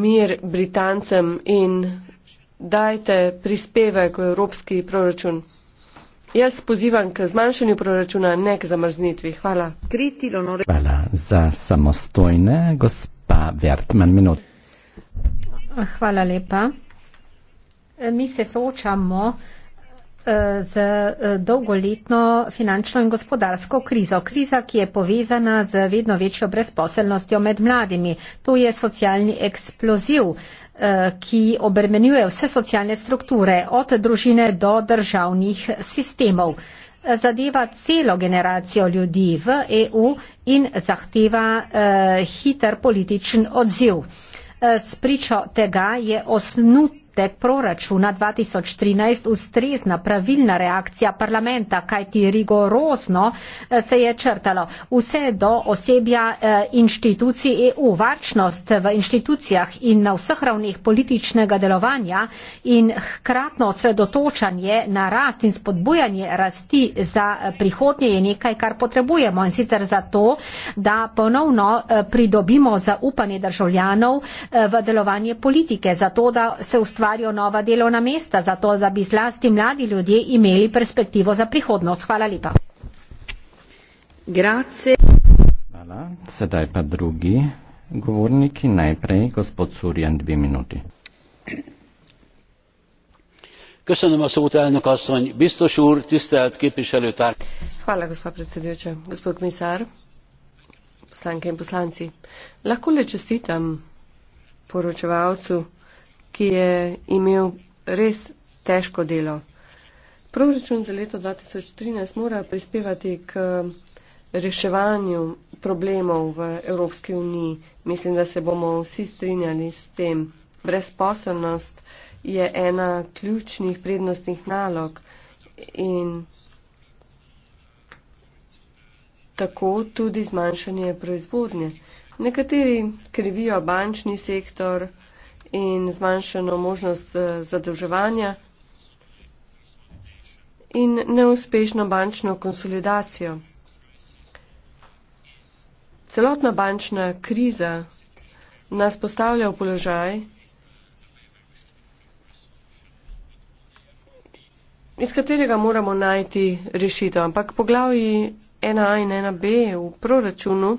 mir Britancem in dajte prispevek v evropski proračun. Jaz pozivam k zmanjšanju proračuna, ne k zamrznitvi. Hvala. Hvala za samostojne, gospa Vertman, minut. Hvala lepa. Mi se soočamo Eh, z eh, dolgoletno finančno in gospodarsko krizo. Kriza, ki je povezana z vedno večjo brezposelnostjo med mladimi. To je socialni eksploziv, eh, ki obremenjuje vse socialne strukture, od družine do državnih sistemov. Zadeva celo generacijo ljudi v EU in zahteva hiter političen odziv. Spričo tega je osnut tek proračuna 2013 ustrezna pravilna reakcija parlamenta, kajti rigorozno eh, se je črtalo vse do osebja eh, inštitucij EU. Varčnost v inštitucijah in na vseh ravnih političnega delovanja in hkratno osredotočanje na rast in spodbujanje rasti za eh, prihodnje je nekaj, kar potrebujemo in sicer zato, da ponovno pridobimo zaupanje državljanov v delovanje politike, zato da se ustvarjamo ustvarijo nova delovna mesta, zato da bi zlasti mladi ljudje imeli perspektivo za prihodnost. Hvala lepa. Grazie. Hvala. Sedaj pa drugi govorniki. Najprej gospod Surjan, dve minuti. Köszönöm a szót, elnök asszony, biztos úr, tisztelt képviselőtár. Hvala, gospod predsedujoča. Gospod komisár, poslanke in poslanci. Lahko le čestitam poročevalcu, ki je imel res težko delo. Proračun za leto 2013 mora prispevati k reševanju problemov v Evropski uniji. Mislim, da se bomo vsi strinjali s tem. Brezposobnost je ena ključnih prednostnih nalog in tako tudi zmanjšanje proizvodnje. Nekateri krivijo bančni sektor, in zmanjšano možnost eh, zadolževanja in neuspešno bančno konsolidacijo. Celotna bančna kriza nas postavlja v položaj, iz katerega moramo najti rešitev. Ampak poglavji 1A in 1B v proračunu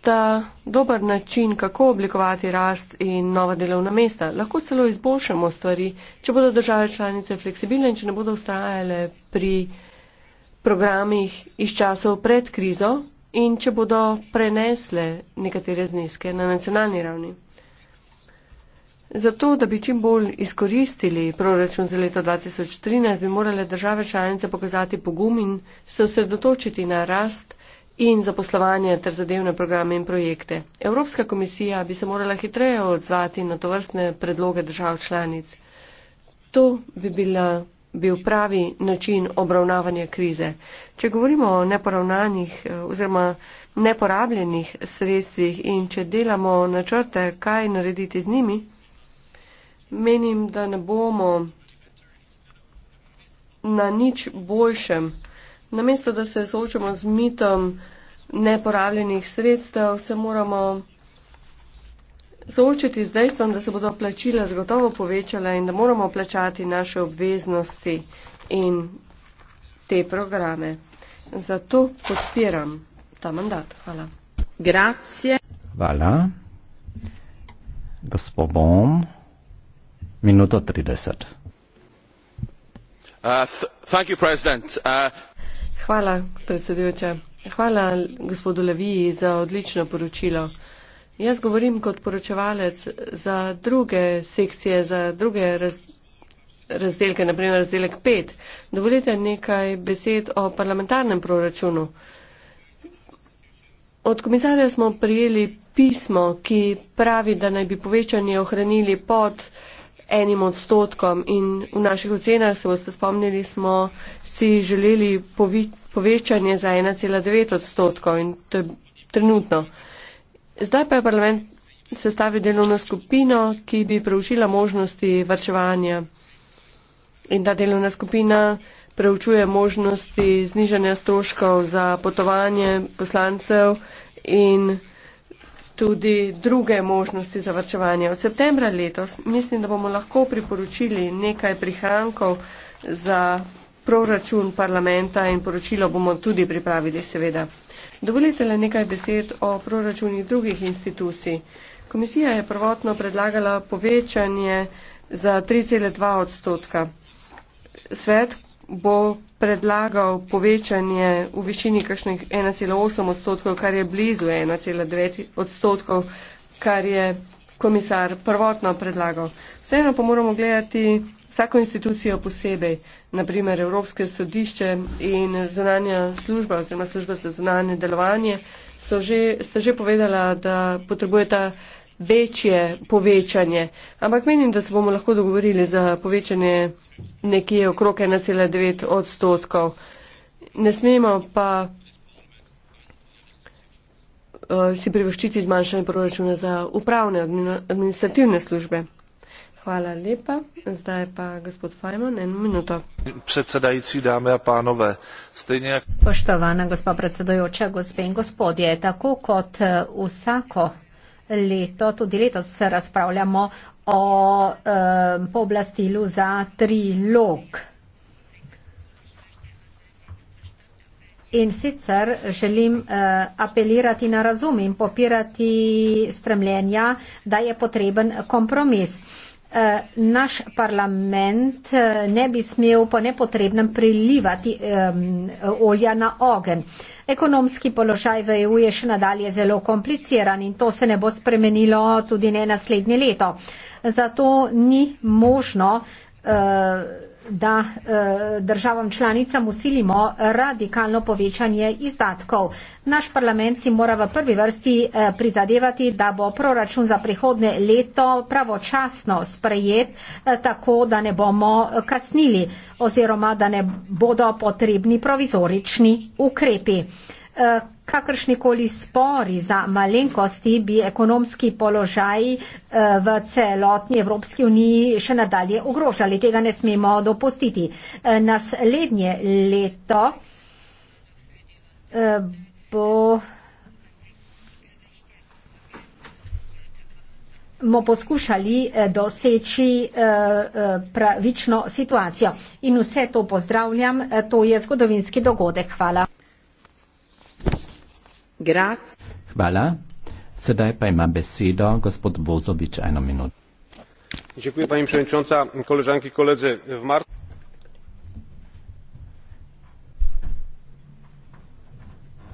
sta dober način, kako oblikovati rast in nova delovna mesta. Lahko celo izboljšamo stvari, če bodo države članice fleksibilne in če ne bodo ustrajale pri programih iz časov pred krizo in če bodo prenesle nekatere zneske na nacionalni ravni. Zato, da bi čim bolj izkoristili proračun za leto 2013, bi morale države članice pokazati pogum in se osredotočiti na rast in zaposlovanje ter zadevne programe in projekte. Evropska komisija bi se morala hitreje odzvati na to vrstne predloge držav članic. To bi bila, bil pravi način obravnavanja krize. Če govorimo o neporavnanih eh, oziroma neporabljenih sredstvih in če delamo načrte, kaj narediti z njimi, menim, da ne bomo na nič boljšem Namesto, da se soočamo z mitom neporabljenih sredstev, se moramo soočiti z dejstvom, da se bodo plačila zagotovo povečala in da moramo plačati naše obveznosti in te programe. Zato podpiram ta mandat. Hvala. Grazie. Hvala. Gospod Bom, minuto 30. Uh, th thank you, President. Uh, Hvala, predsedujoča. Hvala gospodu Leviji za odlično poročilo. Jaz govorim kot poročevalec za druge sekcije, za druge raz, razdelke, naprimer razdelek 5. Dovolite nekaj besed o parlamentarnem proračunu. Od komisarja smo prijeli pismo, ki pravi, da naj bi povečanje ohranili pod enim odstotkom in v naših ocenah se boste spomnili, smo si želeli povečanje za 1,9 odstotkov in to je trenutno. Zdaj pa je parlament sestavil delovno skupino, ki bi preučila možnosti vrčevanja. In ta delovna skupina preučuje možnosti znižanja stroškov za potovanje poslancev in tudi druge možnosti za vrčevanje. Od septembra letos mislim, da bomo lahko priporočili nekaj prihrankov za proračun parlamenta in poročilo bomo tudi pripravili, seveda. Dovolite le nekaj besed o proračunih drugih institucij. Komisija je prvotno predlagala povečanje za 3,2 odstotka. Svet bo predlagal povečanje v višini kakšnih 1,8 odstotkov, kar je blizu 1,9 odstotkov, kar je komisar prvotno predlagal. Vseeno pa moramo gledati vsako institucijo posebej, naprimer Evropske sodišče in zunanja služba oziroma služba za zunanje delovanje, so že, sta že povedala, da potrebujeta večje povečanje. Ampak menim, da se bomo lahko dogovorili za povečanje nekje okrog 1,9 odstotkov. Ne smemo pa uh, si privoščiti zmanjšanje proračuna za upravne administrativne službe. Hvala lepa. Zdaj pa gospod Fajmon, eno minuto. Predsedajci, dame a panove, ste nekaj. Spoštovana gospa predsedojoča, gospe in gospodje, tako kot eh, vsako leto, tudi letos se razpravljamo o um, pooblastilu za tri log. In sicer želim uh, apelirati na razum in popirati stremljenja, da je potreben kompromis. Uh, Eh, naš parlament eh, ne bi smel po nepotrebnem prilivati um, olja na ogen. Ekonomski položaj v EU je še nadalje zelo kompliciran in to se ne bo spremenilo tudi ne naslednje leto. Zato ni možno uh, da eh, državam članicam usilimo radikalno povečanje izdatkov. Naš parlament si mora v prvi vrsti eh, prizadevati, da bo proračun za prihodne leto pravočasno sprejet, eh, tako da ne bomo kasnili oziroma da ne bodo potrebni provizorični ukrepi kakršnikoli spori za malenkosti, bi ekonomski položaj eh, v celotni Evropski uniji še nadalje ogrožali. Tega ne smemo dopustiti. Eh, naslednje leto eh, bo. bomo poskušali doseči pravično situacijo. In vse to pozdravljam, to je zgodovinski dogodek. Hvala. Grazie. Hvala. Sedaj pa ima besedo gospod Bozovič eno minuto. Dziękuję Pani Przewodnicząca, koleżanki i koledzy. W marcu...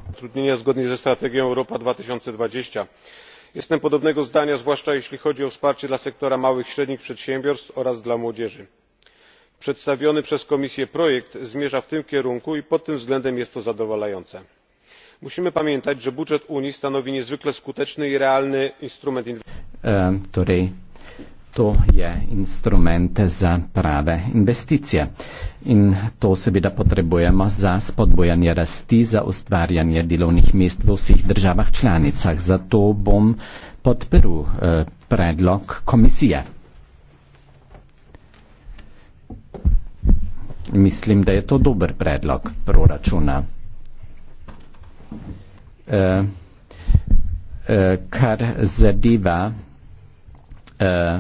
...zatrudnienia zgodnie ze strategią Europa 2020. Jestem podobnego zdania, zwłaszcza jeśli chodzi o wsparcie dla sektora małych i średnich przedsiębiorstw oraz dla młodzieży. Przedstawiony przez Komisję projekt zmierza w tym kierunku i pod tym względem jest to zadowalające musimy pamiętać że budżet unii stanowi niezwykle skuteczny i realny instrument który e, torej, to je instrument za prave investicije. In to seveda potrebujemo za spodbojanje rasti, za ustvarjanje delovnih mest v vseh državah članicah. Zato bom podprl eh, predlog komisije. Mislim, da je to dober predlog proračuna. Eh, eh, kar zadeva eh,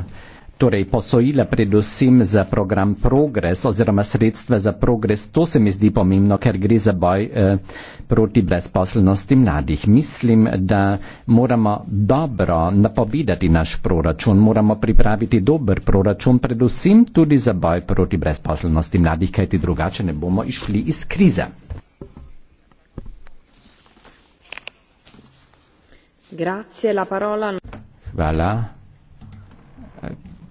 torej posojila predvsem za program Progres oziroma sredstva za progres, to se mi zdi pomembno, ker gre za boj proti brezposelnosti mladih. Mislim, da moramo dobro napovedati naš proračun, moramo pripraviti dober proračun, predvsem tudi za boj proti brezposelnosti mladih, kajti drugače ne bomo išli iz krize. Grazie, la parola. Hvala.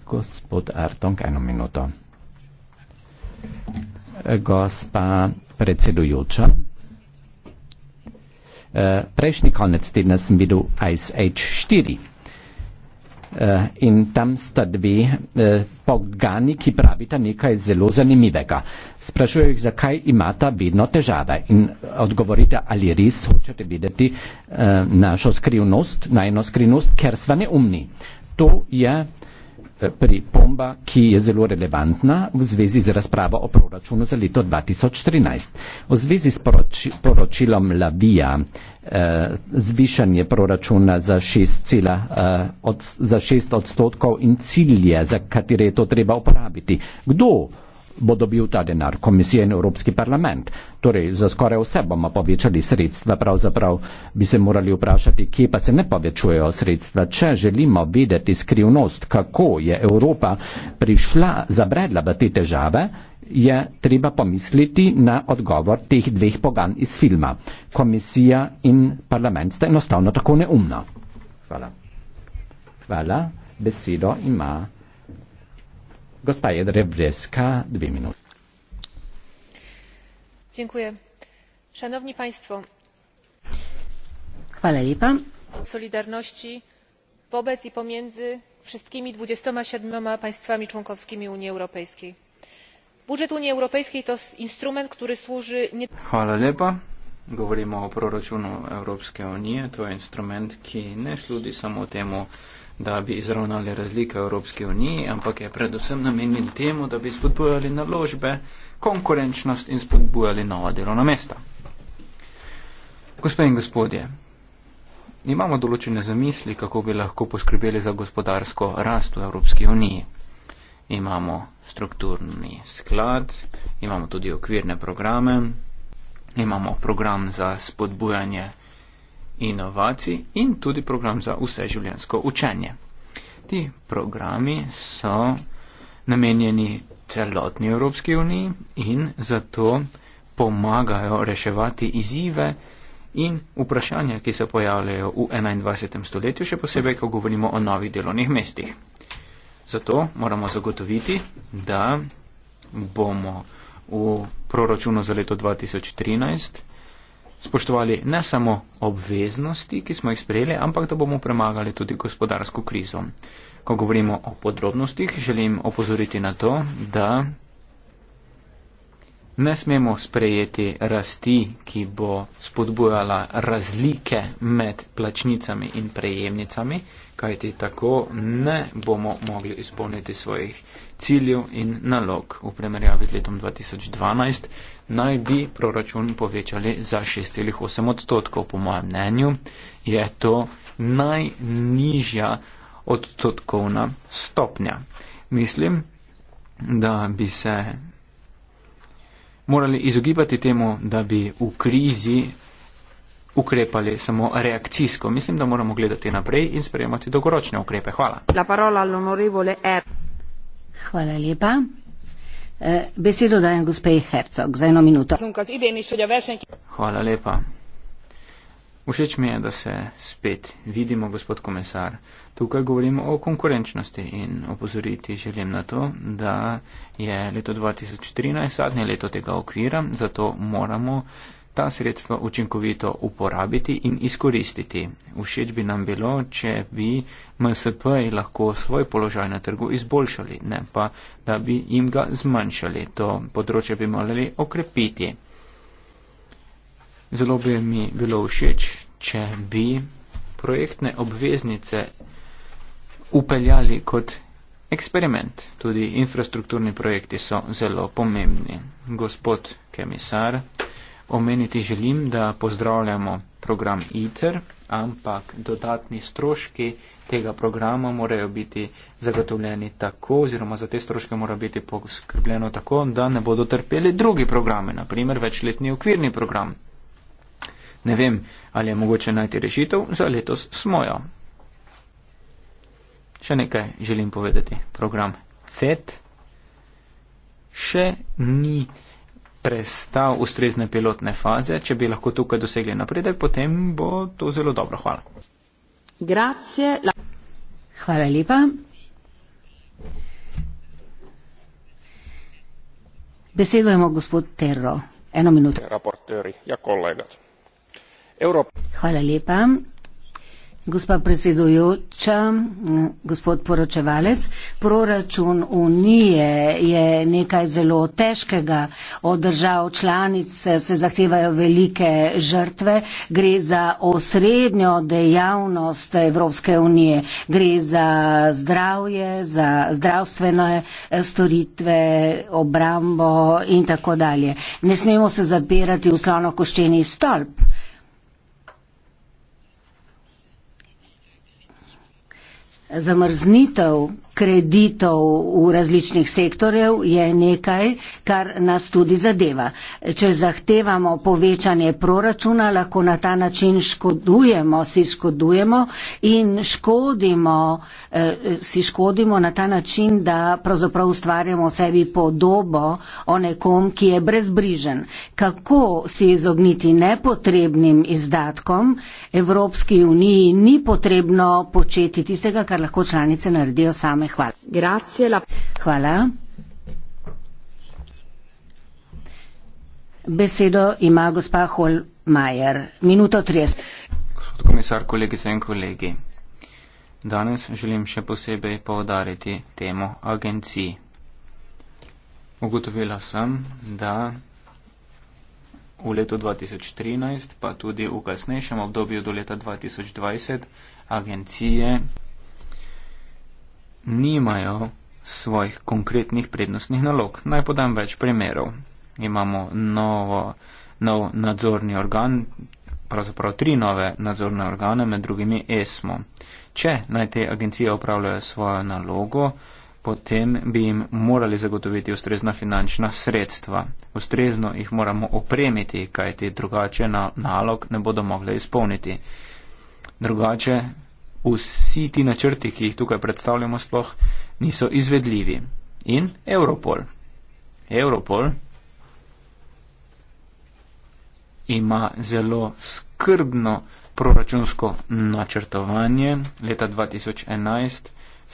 Gospod Artong, eno minuto. Gospa predsedujoča, eh, prejšnji konec tedna sem videl Ice Age 4. Eh, in tam sta dve eh, pogani, ki pravita nekaj zelo zanimivega. Sprašujejo jih, zakaj imata vedno težave in odgovorite, ali res hočete vedeti eh, našo skrivnost, najno skrivnost, ker sva neumni. To je Eh, pripomba, ki je zelo relevantna v zvezi z razpravo o proračunu za leto 2013. V zvezi s poroči, poročilom Lavija eh, zvišanje proračuna za 6, cela, eh, od, za 6 odstotkov in cilje, za katere je to treba uporabiti. Kdo bo dobil ta denar komisija in Evropski parlament. Torej, za skoraj vse bomo povečali sredstva, pravzaprav bi se morali vprašati, kje pa se ne povečujejo sredstva. Če želimo videti skrivnost, kako je Evropa prišla, zabredla v te težave, je treba pomisliti na odgovor teh dveh pogan iz filma. Komisija in parlament sta enostavno tako neumna. Hvala. Hvala. Besedo ima gospa jedre brzeska dwie minuty. Dziękuję. Szanowni Państwo. Chwalę Lipa. Solidarności wobec i pomiędzy wszystkimi 27 państwami członkowskimi Unii Europejskiej. Budżet Unii Europejskiej to instrument, który służy nie. Chwalę Lipa. Mówimy o proroczeniu Europejskiej Unii. To instrument, który nie służy samo temu, da bi izravnali razlike v Evropski uniji, ampak je predvsem namenjen temu, da bi spodbujali naložbe, konkurenčnost in spodbujali nova delovna mesta. Gospe in gospodje, imamo določene zamisli, kako bi lahko poskrbeli za gospodarsko rast v Evropski uniji. Imamo strukturni sklad, imamo tudi okvirne programe, imamo program za spodbujanje inovacij in tudi program za vseživljensko učenje. Ti programi so namenjeni celotni Evropski uniji in zato pomagajo reševati izive in vprašanja, ki se pojavljajo v 21. stoletju, še posebej, ko govorimo o novih delovnih mestih. Zato moramo zagotoviti, da bomo v proračunu za leto 2013 spoštovali ne samo obveznosti, ki smo jih sprejeli, ampak da bomo premagali tudi gospodarsko krizo. Ko govorimo o podrobnostih, želim opozoriti na to, da ne smemo sprejeti rasti, ki bo spodbujala razlike med plačnicami in prejemnicami, kajti tako ne bomo mogli izpolniti svojih ciljev in nalog. V primerjavi z letom 2012 naj bi proračun povečali za 6,8 odstotkov. Po mojem mnenju je to najnižja odstotkovna stopnja. Mislim, da bi se morali izogibati temu, da bi v krizi ukrepali samo reakcijsko. Mislim, da moramo gledati naprej in sprejemati dolgoročne ukrepe. Hvala. La parola all'onorevole R. Er. Hvala lepa. Eh, besedo dajem gospe Hercog za eno minuto. Hvala lepa. Všeč mi je, da se spet vidimo, gospod komisar. Tukaj govorimo o konkurenčnosti in opozoriti želim na to, da je leto 2013 zadnje leto tega okvira, zato moramo ta sredstva učinkovito uporabiti in izkoristiti. Všeč bi nam bilo, če bi MSP lahko svoj položaj na trgu izboljšali, ne pa, da bi jim ga zmanjšali. To področje bi morali okrepiti. Zelo bi mi bilo všeč, če bi projektne obveznice upeljali kot eksperiment. Tudi infrastrukturni projekti so zelo pomembni. Gospod Kemisar. Omeniti želim, da pozdravljamo program ITER, ampak dodatni stroški tega programa morajo biti zagotovljeni tako, oziroma za te stroške mora biti poskrbljeno tako, da ne bodo trpeli drugi programe, naprimer večletni okvirni program. Ne vem, ali je mogoče najti rešitev za letos smo jo. Še nekaj želim povedati. Program CET še ni prestal ustrezne pilotne faze, če bi lahko tukaj dosegli napredek, potem bo to zelo dobro. Hvala. Grazie. Hvala lepa. Besedo ima gospod Terro. Eno minuto. Ja, Hvala lepa. Gospa predsedujoča, gospod poročevalec, proračun Unije je nekaj zelo težkega. Od držav članic eh, se zahtevajo velike žrtve. Gre za osrednjo dejavnost Evropske unije. Gre za zdravje, za zdravstvene eh, storitve, obrambo in tako dalje. Ne smemo se zapirati v slonokoščeni stolp. zamrznitev kreditov v različnih sektorjev je nekaj, kar nas tudi zadeva. Če zahtevamo povečanje proračuna, lahko na ta način škodujemo, si škodujemo in škodimo, eh, si škodimo na ta način, da pravzaprav ustvarjamo v sebi podobo o nekom, ki je brezbrižen. Kako si izogniti nepotrebnim izdatkom? Evropski uniji ni potrebno početi tistega, kar lahko članice naredijo same vreme. Hvala. Grazie, la... Hvala. Besedo ima gospa Holmajer. Minuto 30. Gospod komisar, kolegice in kolegi. Danes želim še posebej povdariti temo agencij. Ugotovila sem, da v letu 2013, pa tudi v kasnejšem obdobju do leta 2020, agencije nimajo svojih konkretnih prednostnih nalog. Naj podam več primerov. Imamo novo, nov nadzorni organ, pravzaprav tri nove nadzorne organe, med drugimi ESMO. Če naj te agencije upravljajo svojo nalogo, potem bi jim morali zagotoviti ustrezna finančna sredstva. Ustrezno jih moramo opremiti, kajti drugače na nalog ne bodo mogli izpolniti. Drugače vsi ti načrti, ki jih tukaj predstavljamo, sploh niso izvedljivi. In Europol. Europol ima zelo skrbno proračunsko načrtovanje. Leta 2011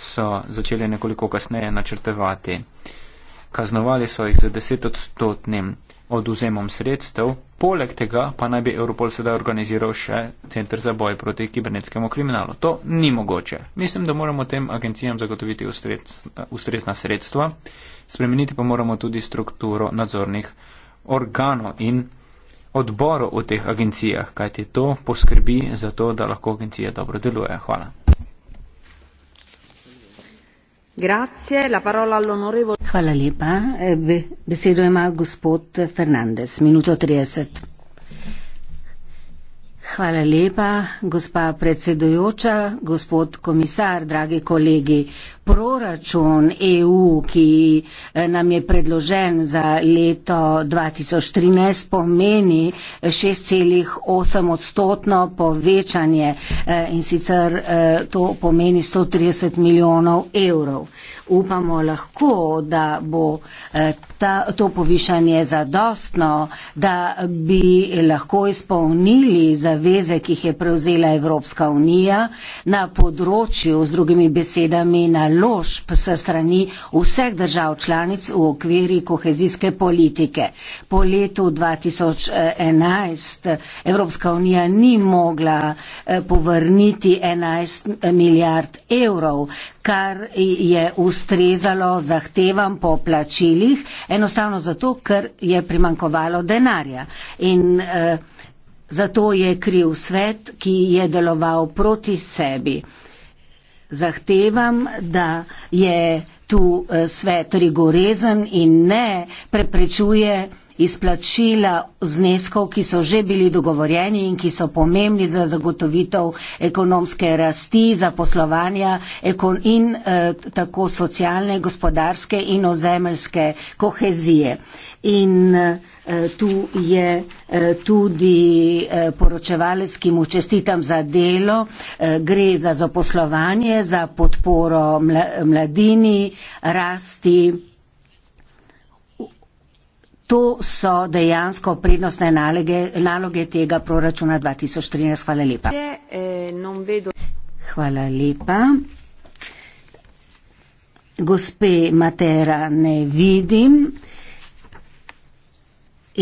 so začeli nekoliko kasneje načrtevati. Kaznovali so jih z desetodstotnim oduzemom sredstev. Poleg tega pa naj bi Europol sedaj organiziral še centr za boj proti kibernetskemu kriminalu. To ni mogoče. Mislim, da moramo tem agencijam zagotoviti ustrezna sredstva. Spremeniti pa moramo tudi strukturo nadzornih organov in odborov v teh agencijah, kajti to poskrbi za to, da lahko agencije dobro delujejo. Hvala. Hvala lepa. E, besedo ima gospod Fernandez. Minuto 30. Hvala lepa, gospa predsedujoča, gospod komisar, dragi kolegi proračun EU, ki eh, nam je predložen za leto 2013, pomeni 6,8 odstotno povečanje eh, in sicer eh, to pomeni 130 milijonov evrov. Upamo lahko, da bo ta, to povišanje zadostno, da bi lahko izpolnili zaveze, ki jih je prevzela Evropska unija na področju, z drugimi besedami, na naložb se strani vseh držav članic v okviri kohezijske politike. Po letu 2011 Evropska unija ni mogla eh, povrniti 11 milijard evrov, kar je ustrezalo zahtevam po plačilih, enostavno zato, ker je primankovalo denarja. In, eh, Zato je kriv svet, ki je deloval proti sebi zahtevam, da je tu eh, svet rigorezen in ne preprečuje izplačila zneskov, ki so že bili dogovorjeni in ki so pomembni za zagotovitev ekonomske rasti, za poslovanja ekon in eh, tako socialne, gospodarske in ozemeljske kohezije. In eh, tu je eh, tudi eh, poročevalec, ki mu čestitam za delo, eh, gre za zaposlovanje, za podporo mla mladini, rasti, To so dejansko prednostne naloge, naloge tega proračuna 2013. Hvala lepa. Eh, Hvala lepa. Gospe Matera ne vidim.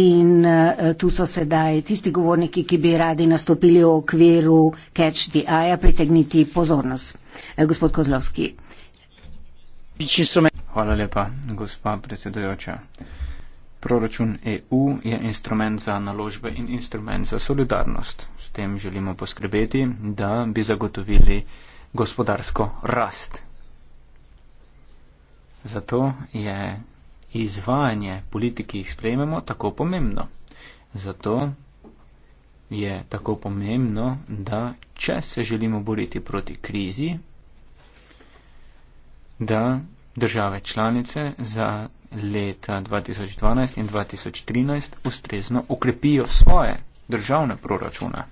In uh, tu so sedaj tisti govorniki, ki bi radi nastopili v okviru Catch the Eye, pritegniti pozornost. Uh, gospod Kozlovski. Hvala lepa, gospa predsedujoča. Proračun EU je instrument za naložbe in instrument za solidarnost. S tem želimo poskrbeti, da bi zagotovili gospodarsko rast. Zato je izvajanje politik, ki jih sprejmemo, tako pomembno. Zato je tako pomembno, da če se želimo boriti proti krizi, da države članice za leta 2012 in 2013 ustrezno ukrepijo svoje državne proračune.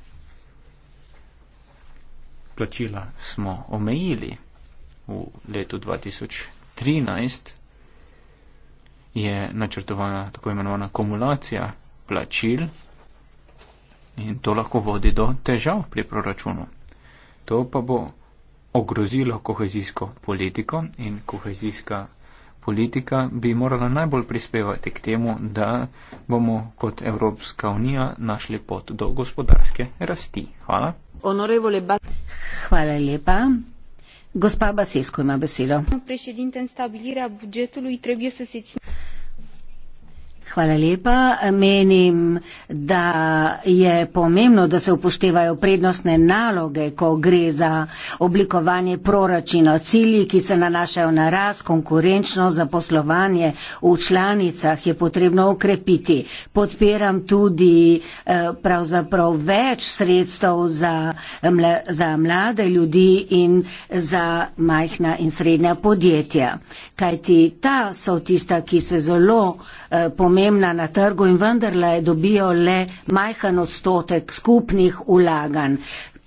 Plačila smo omejili. V letu 2013 je načrtovana tako imenovana kumulacija plačil in to lahko vodi do težav pri proračunu. To pa bo ogrozilo kohezijsko politiko in kohezijska politika politika bi morala najbolj prispevati k temu, da bomo kot Evropska unija našli pot do gospodarske rasti. Hvala. Hvala lepa. Gospa Basesko ima besedo. Hvala lepa. Menim, da je pomembno, da se upoštevajo prednostne naloge, ko gre za oblikovanje proračuna, cilji, ki se nanašajo na rast, konkurenčnost, zaposlovanje v članicah je potrebno ukrepiti. Podpiram tudi eh, pravzaprav več sredstev za, mla, za mlade ljudi in za majhna in srednja podjetja. Kajti ta so tista, ki se zelo eh, pomembno pomembna na trgu in vendarle dobijo le majhen odstotek skupnih ulaganj.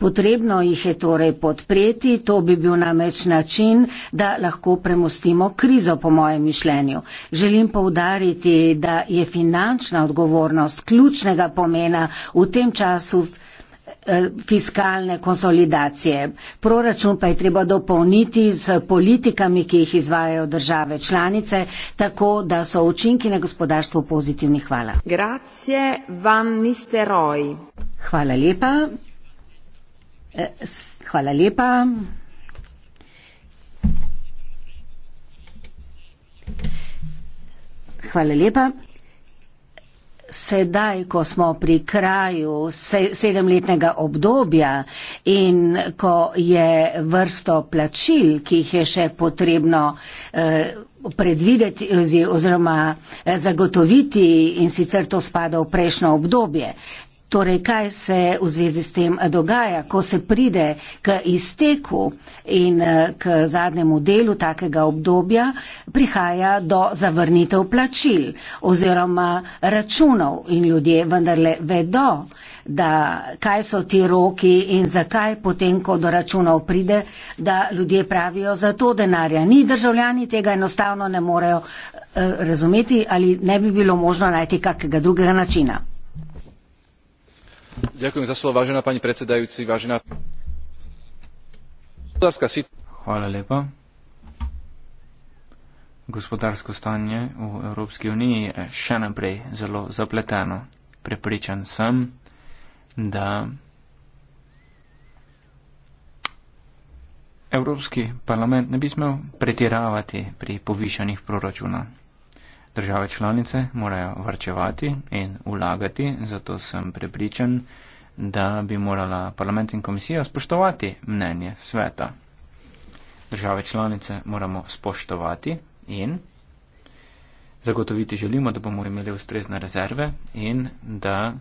Potrebno jih je torej podpreti, to bi bil namreč način, da lahko premostimo krizo, po mojem mišljenju. Želim poudariti, da je finančna odgovornost ključnega pomena v tem času Eh, fiskalne konsolidacije. Proračun pa je treba dopolniti z politikami, ki jih izvajajo države članice, tako da so učinki na gospodarstvo pozitivni. Hvala. Eh, hvala lepa. Hvala lepa. Hvala lepa sedaj, ko smo pri kraju se, sedemletnega obdobja in ko je vrsto plačil, ki jih je še potrebno eh, predvideti oziroma eh, zagotoviti in sicer to spada v prejšnjo obdobje. Torej, kaj se v zvezi s tem dogaja, ko se pride k izteku in eh, k zadnjemu delu takega obdobja, prihaja do zavrnitev plačil oziroma računov in ljudje vendarle vedo, da, kaj so ti roki in zakaj potem, ko do računov pride, da ljudje pravijo za to denarja. Ni državljani tega enostavno ne morejo eh, razumeti ali ne bi bilo možno najti kakega drugega načina gospodarska stanje v evropski uniji je še naprej zelo zapleteno prepričan sem da evropski parlament ne bi smel pretiravati pri povišanjih proračuna Države članice morajo varčevati in ulagati, zato sem prepričan, da bi morala parlament in komisija spoštovati mnenje sveta. Države članice moramo spoštovati in zagotoviti želimo, da bomo imeli ustrezne rezerve in da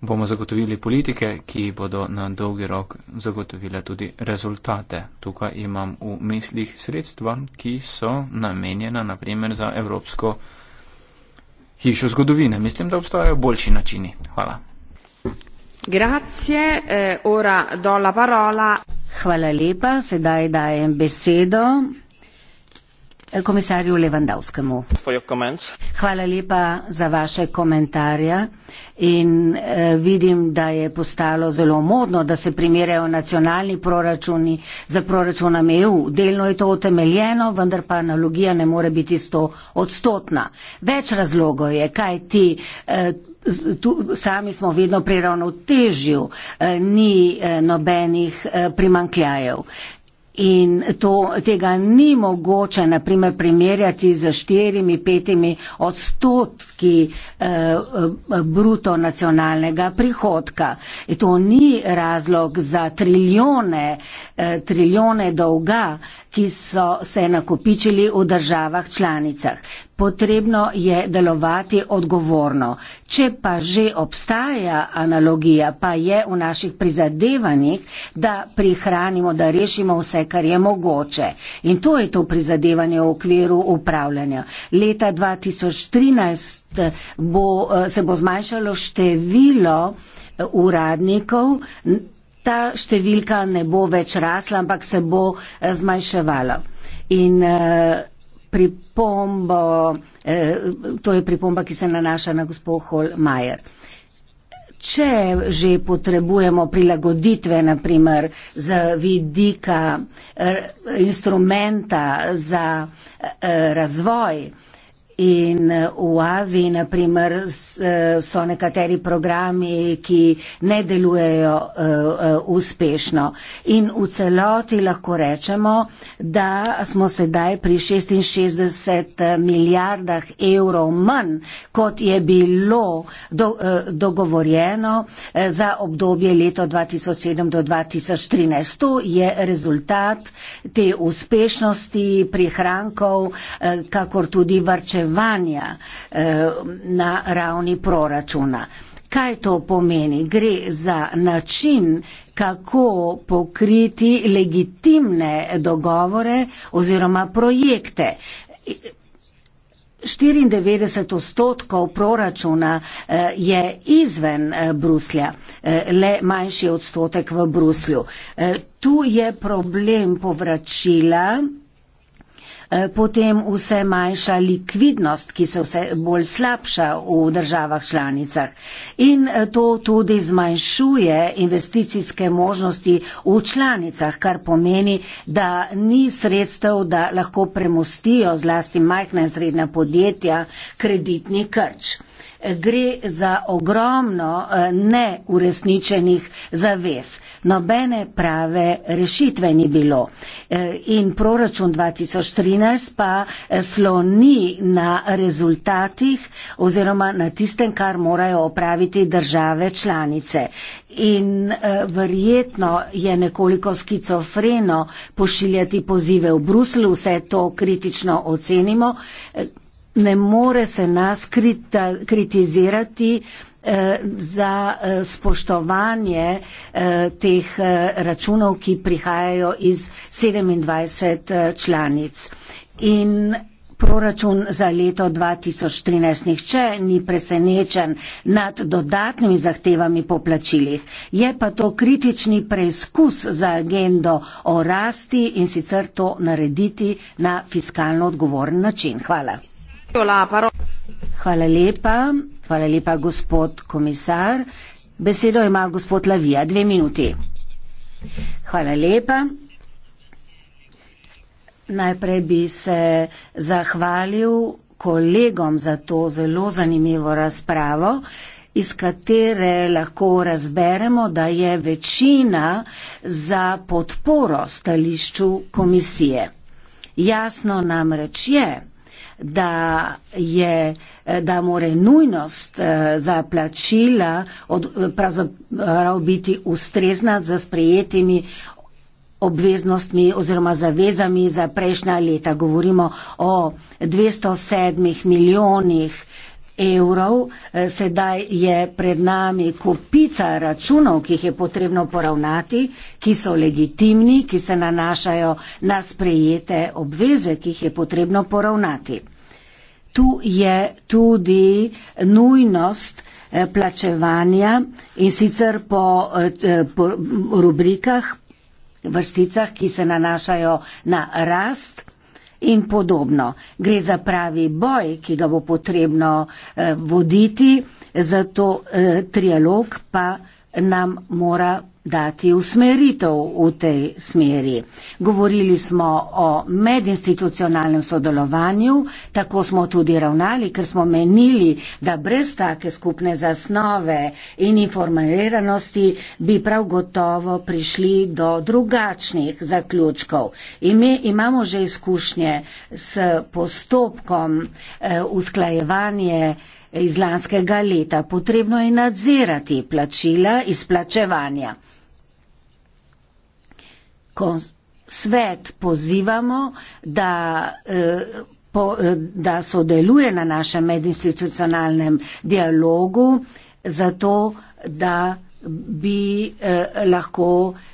bomo zagotovili politike, ki bodo na dolgi rok zagotovile tudi rezultate. Tukaj imam v mislih sredstva, ki so namenjena naprimer za Evropsko hišo zgodovine. Mislim, da obstajajo boljši načini. Hvala. Grazie, eh, ora do la parola. Hvala lepa, sedaj dajem besedo komisarju Levandavskemu. Hvala lepa za vaše komentarje in eh, vidim, da je postalo zelo modno, da se primerjajo nacionalni proračuni za proračunami EU. Delno je to utemeljeno, vendar pa analogija ne more biti sto odstotna. Več razlogov je, kaj ti. Eh, Tu, sami smo vedno pri ravnotežju, eh, ni eh, nobenih eh, primankljajev. In to, tega ni mogoče naprimer, primerjati z 4-5 odstotki eh, eh, bruto nacionalnega prihodka. In to ni razlog za trilijone, eh, trilijone dolga, ki so se nakopičili v državah članicah. Potrebno je delovati odgovorno. Če pa že obstaja analogija, pa je v naših prizadevanjih, da prihranimo, da rešimo vse, kar je mogoče. In to je to prizadevanje v okviru upravljanja. Leta 2013 bo, eh, se bo zmanjšalo število eh, uradnikov ta številka ne bo več rasla, ampak se bo eh, zmanjševala. In eh, pripombo, eh, to je pripomba, ki se nanaša na gospod Holmajer. Če že potrebujemo prilagoditve, naprimer z vidika instrumenta za razvoj, In eh, v Aziji, naprimer, eh, so nekateri programi, ki ne delujejo eh, uspešno. In v celoti lahko rečemo, da smo sedaj pri 66 milijardah evrov manj, kot je bilo do, dogovorjeno za obdobje leto 2007 do 2013. To je rezultat te uspešnosti prihrankov, kakor tudi vrčevanja zniževanja eh, na ravni proračuna. Kaj to pomeni? Gre za način, kako pokriti legitimne dogovore oziroma projekte. 94 odstotkov proračuna eh, je izven eh, Bruslja, le manjši odstotek v Bruslju. Tu je problem povračila Eh, potem vse manjša likvidnost, ki se vse bolj slabša v državah članicah. In eh, to tudi zmanjšuje investicijske možnosti v članicah, kar pomeni, da ni sredstev, da lahko premostijo zlasti majhna in srednja podjetja kreditni krč gre za ogromno eh, neurešničenih zavez. Nobene prave rešitve ni bilo. Eh, in proračun 2013 pa eh, sloni na rezultatih oziroma na tistem, kar morajo opraviti države članice. In verjetno je nekoliko skicofreno pošiljati pozive v Bruslu, vse to kritično ocenimo ne more se nas krita, kritizirati eh, za eh, spoštovanje eh, teh računov, ki prihajajo iz 27 članic. In proračun za leto 2013 nihče ni presenečen nad dodatnimi zahtevami po plačilih. Je pa to kritični preizkus za agendo o rasti in sicer to narediti na fiskalno odgovoren način. Hvala. Hvala lepa. Hvala lepa, gospod komisar. Besedo ima gospod Lavija. Dve minuti. Hvala lepa. Najprej bi se zahvalil kolegom za to zelo zanimivo razpravo, iz katere lahko razberemo, da je večina za podporo stališču komisije. Jasno namreč je, da je, da more nujnost eh, za plačila pravzaprav biti ustrezna za sprejetimi obveznostmi oziroma zavezami za prejšnja leta. Govorimo o 207 milijonih evrov, eh, sedaj je pred nami kupica računov, ki jih je potrebno poravnati, ki so legitimni, ki se nanašajo na sprejete obveze, ki jih je potrebno poravnati tu je tudi nujnost eh, plačevanja in sicer po, eh, eh, po rubrikah, vrsticah, ki se nanašajo na rast in podobno. Gre za pravi boj, ki ga bo potrebno voditi, zato trialog pa nam mora dati usmeritev v tej smeri. Govorili smo o medinstitucionalnem sodelovanju, tako smo tudi ravnali, ker smo menili, da brez take skupne zasnove in informiranosti bi prav gotovo prišli do drugačnih zaključkov. In mi imamo že izkušnje s postopkom eh, usklajevanje iz lanskega leta. Potrebno je nadzirati plačila izplačevanja svet pozivamo, da, eh, po, eh, da sodeluje na našem medinstitucionalnem dialogu, zato da bi eh, lahko eh,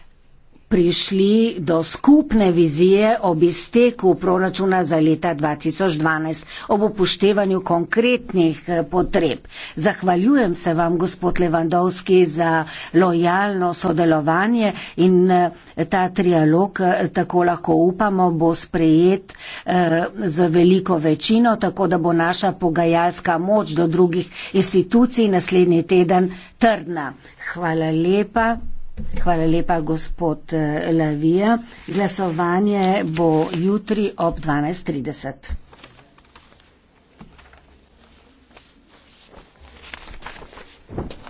prišli do skupne vizije ob izteku proračuna za leta 2012, ob upoštevanju konkretnih eh, potreb. Zahvaljujem se vam, gospod Levandovski, za lojalno sodelovanje in eh, ta trialog, eh, tako lahko upamo, bo sprejet z veliko večino, tako da bo naša pogajalska moč do drugih institucij naslednji teden trdna. Hvala lepa. Hvala lepa, gospod eh, Lavija. Glasovanje bo jutri ob 12.30.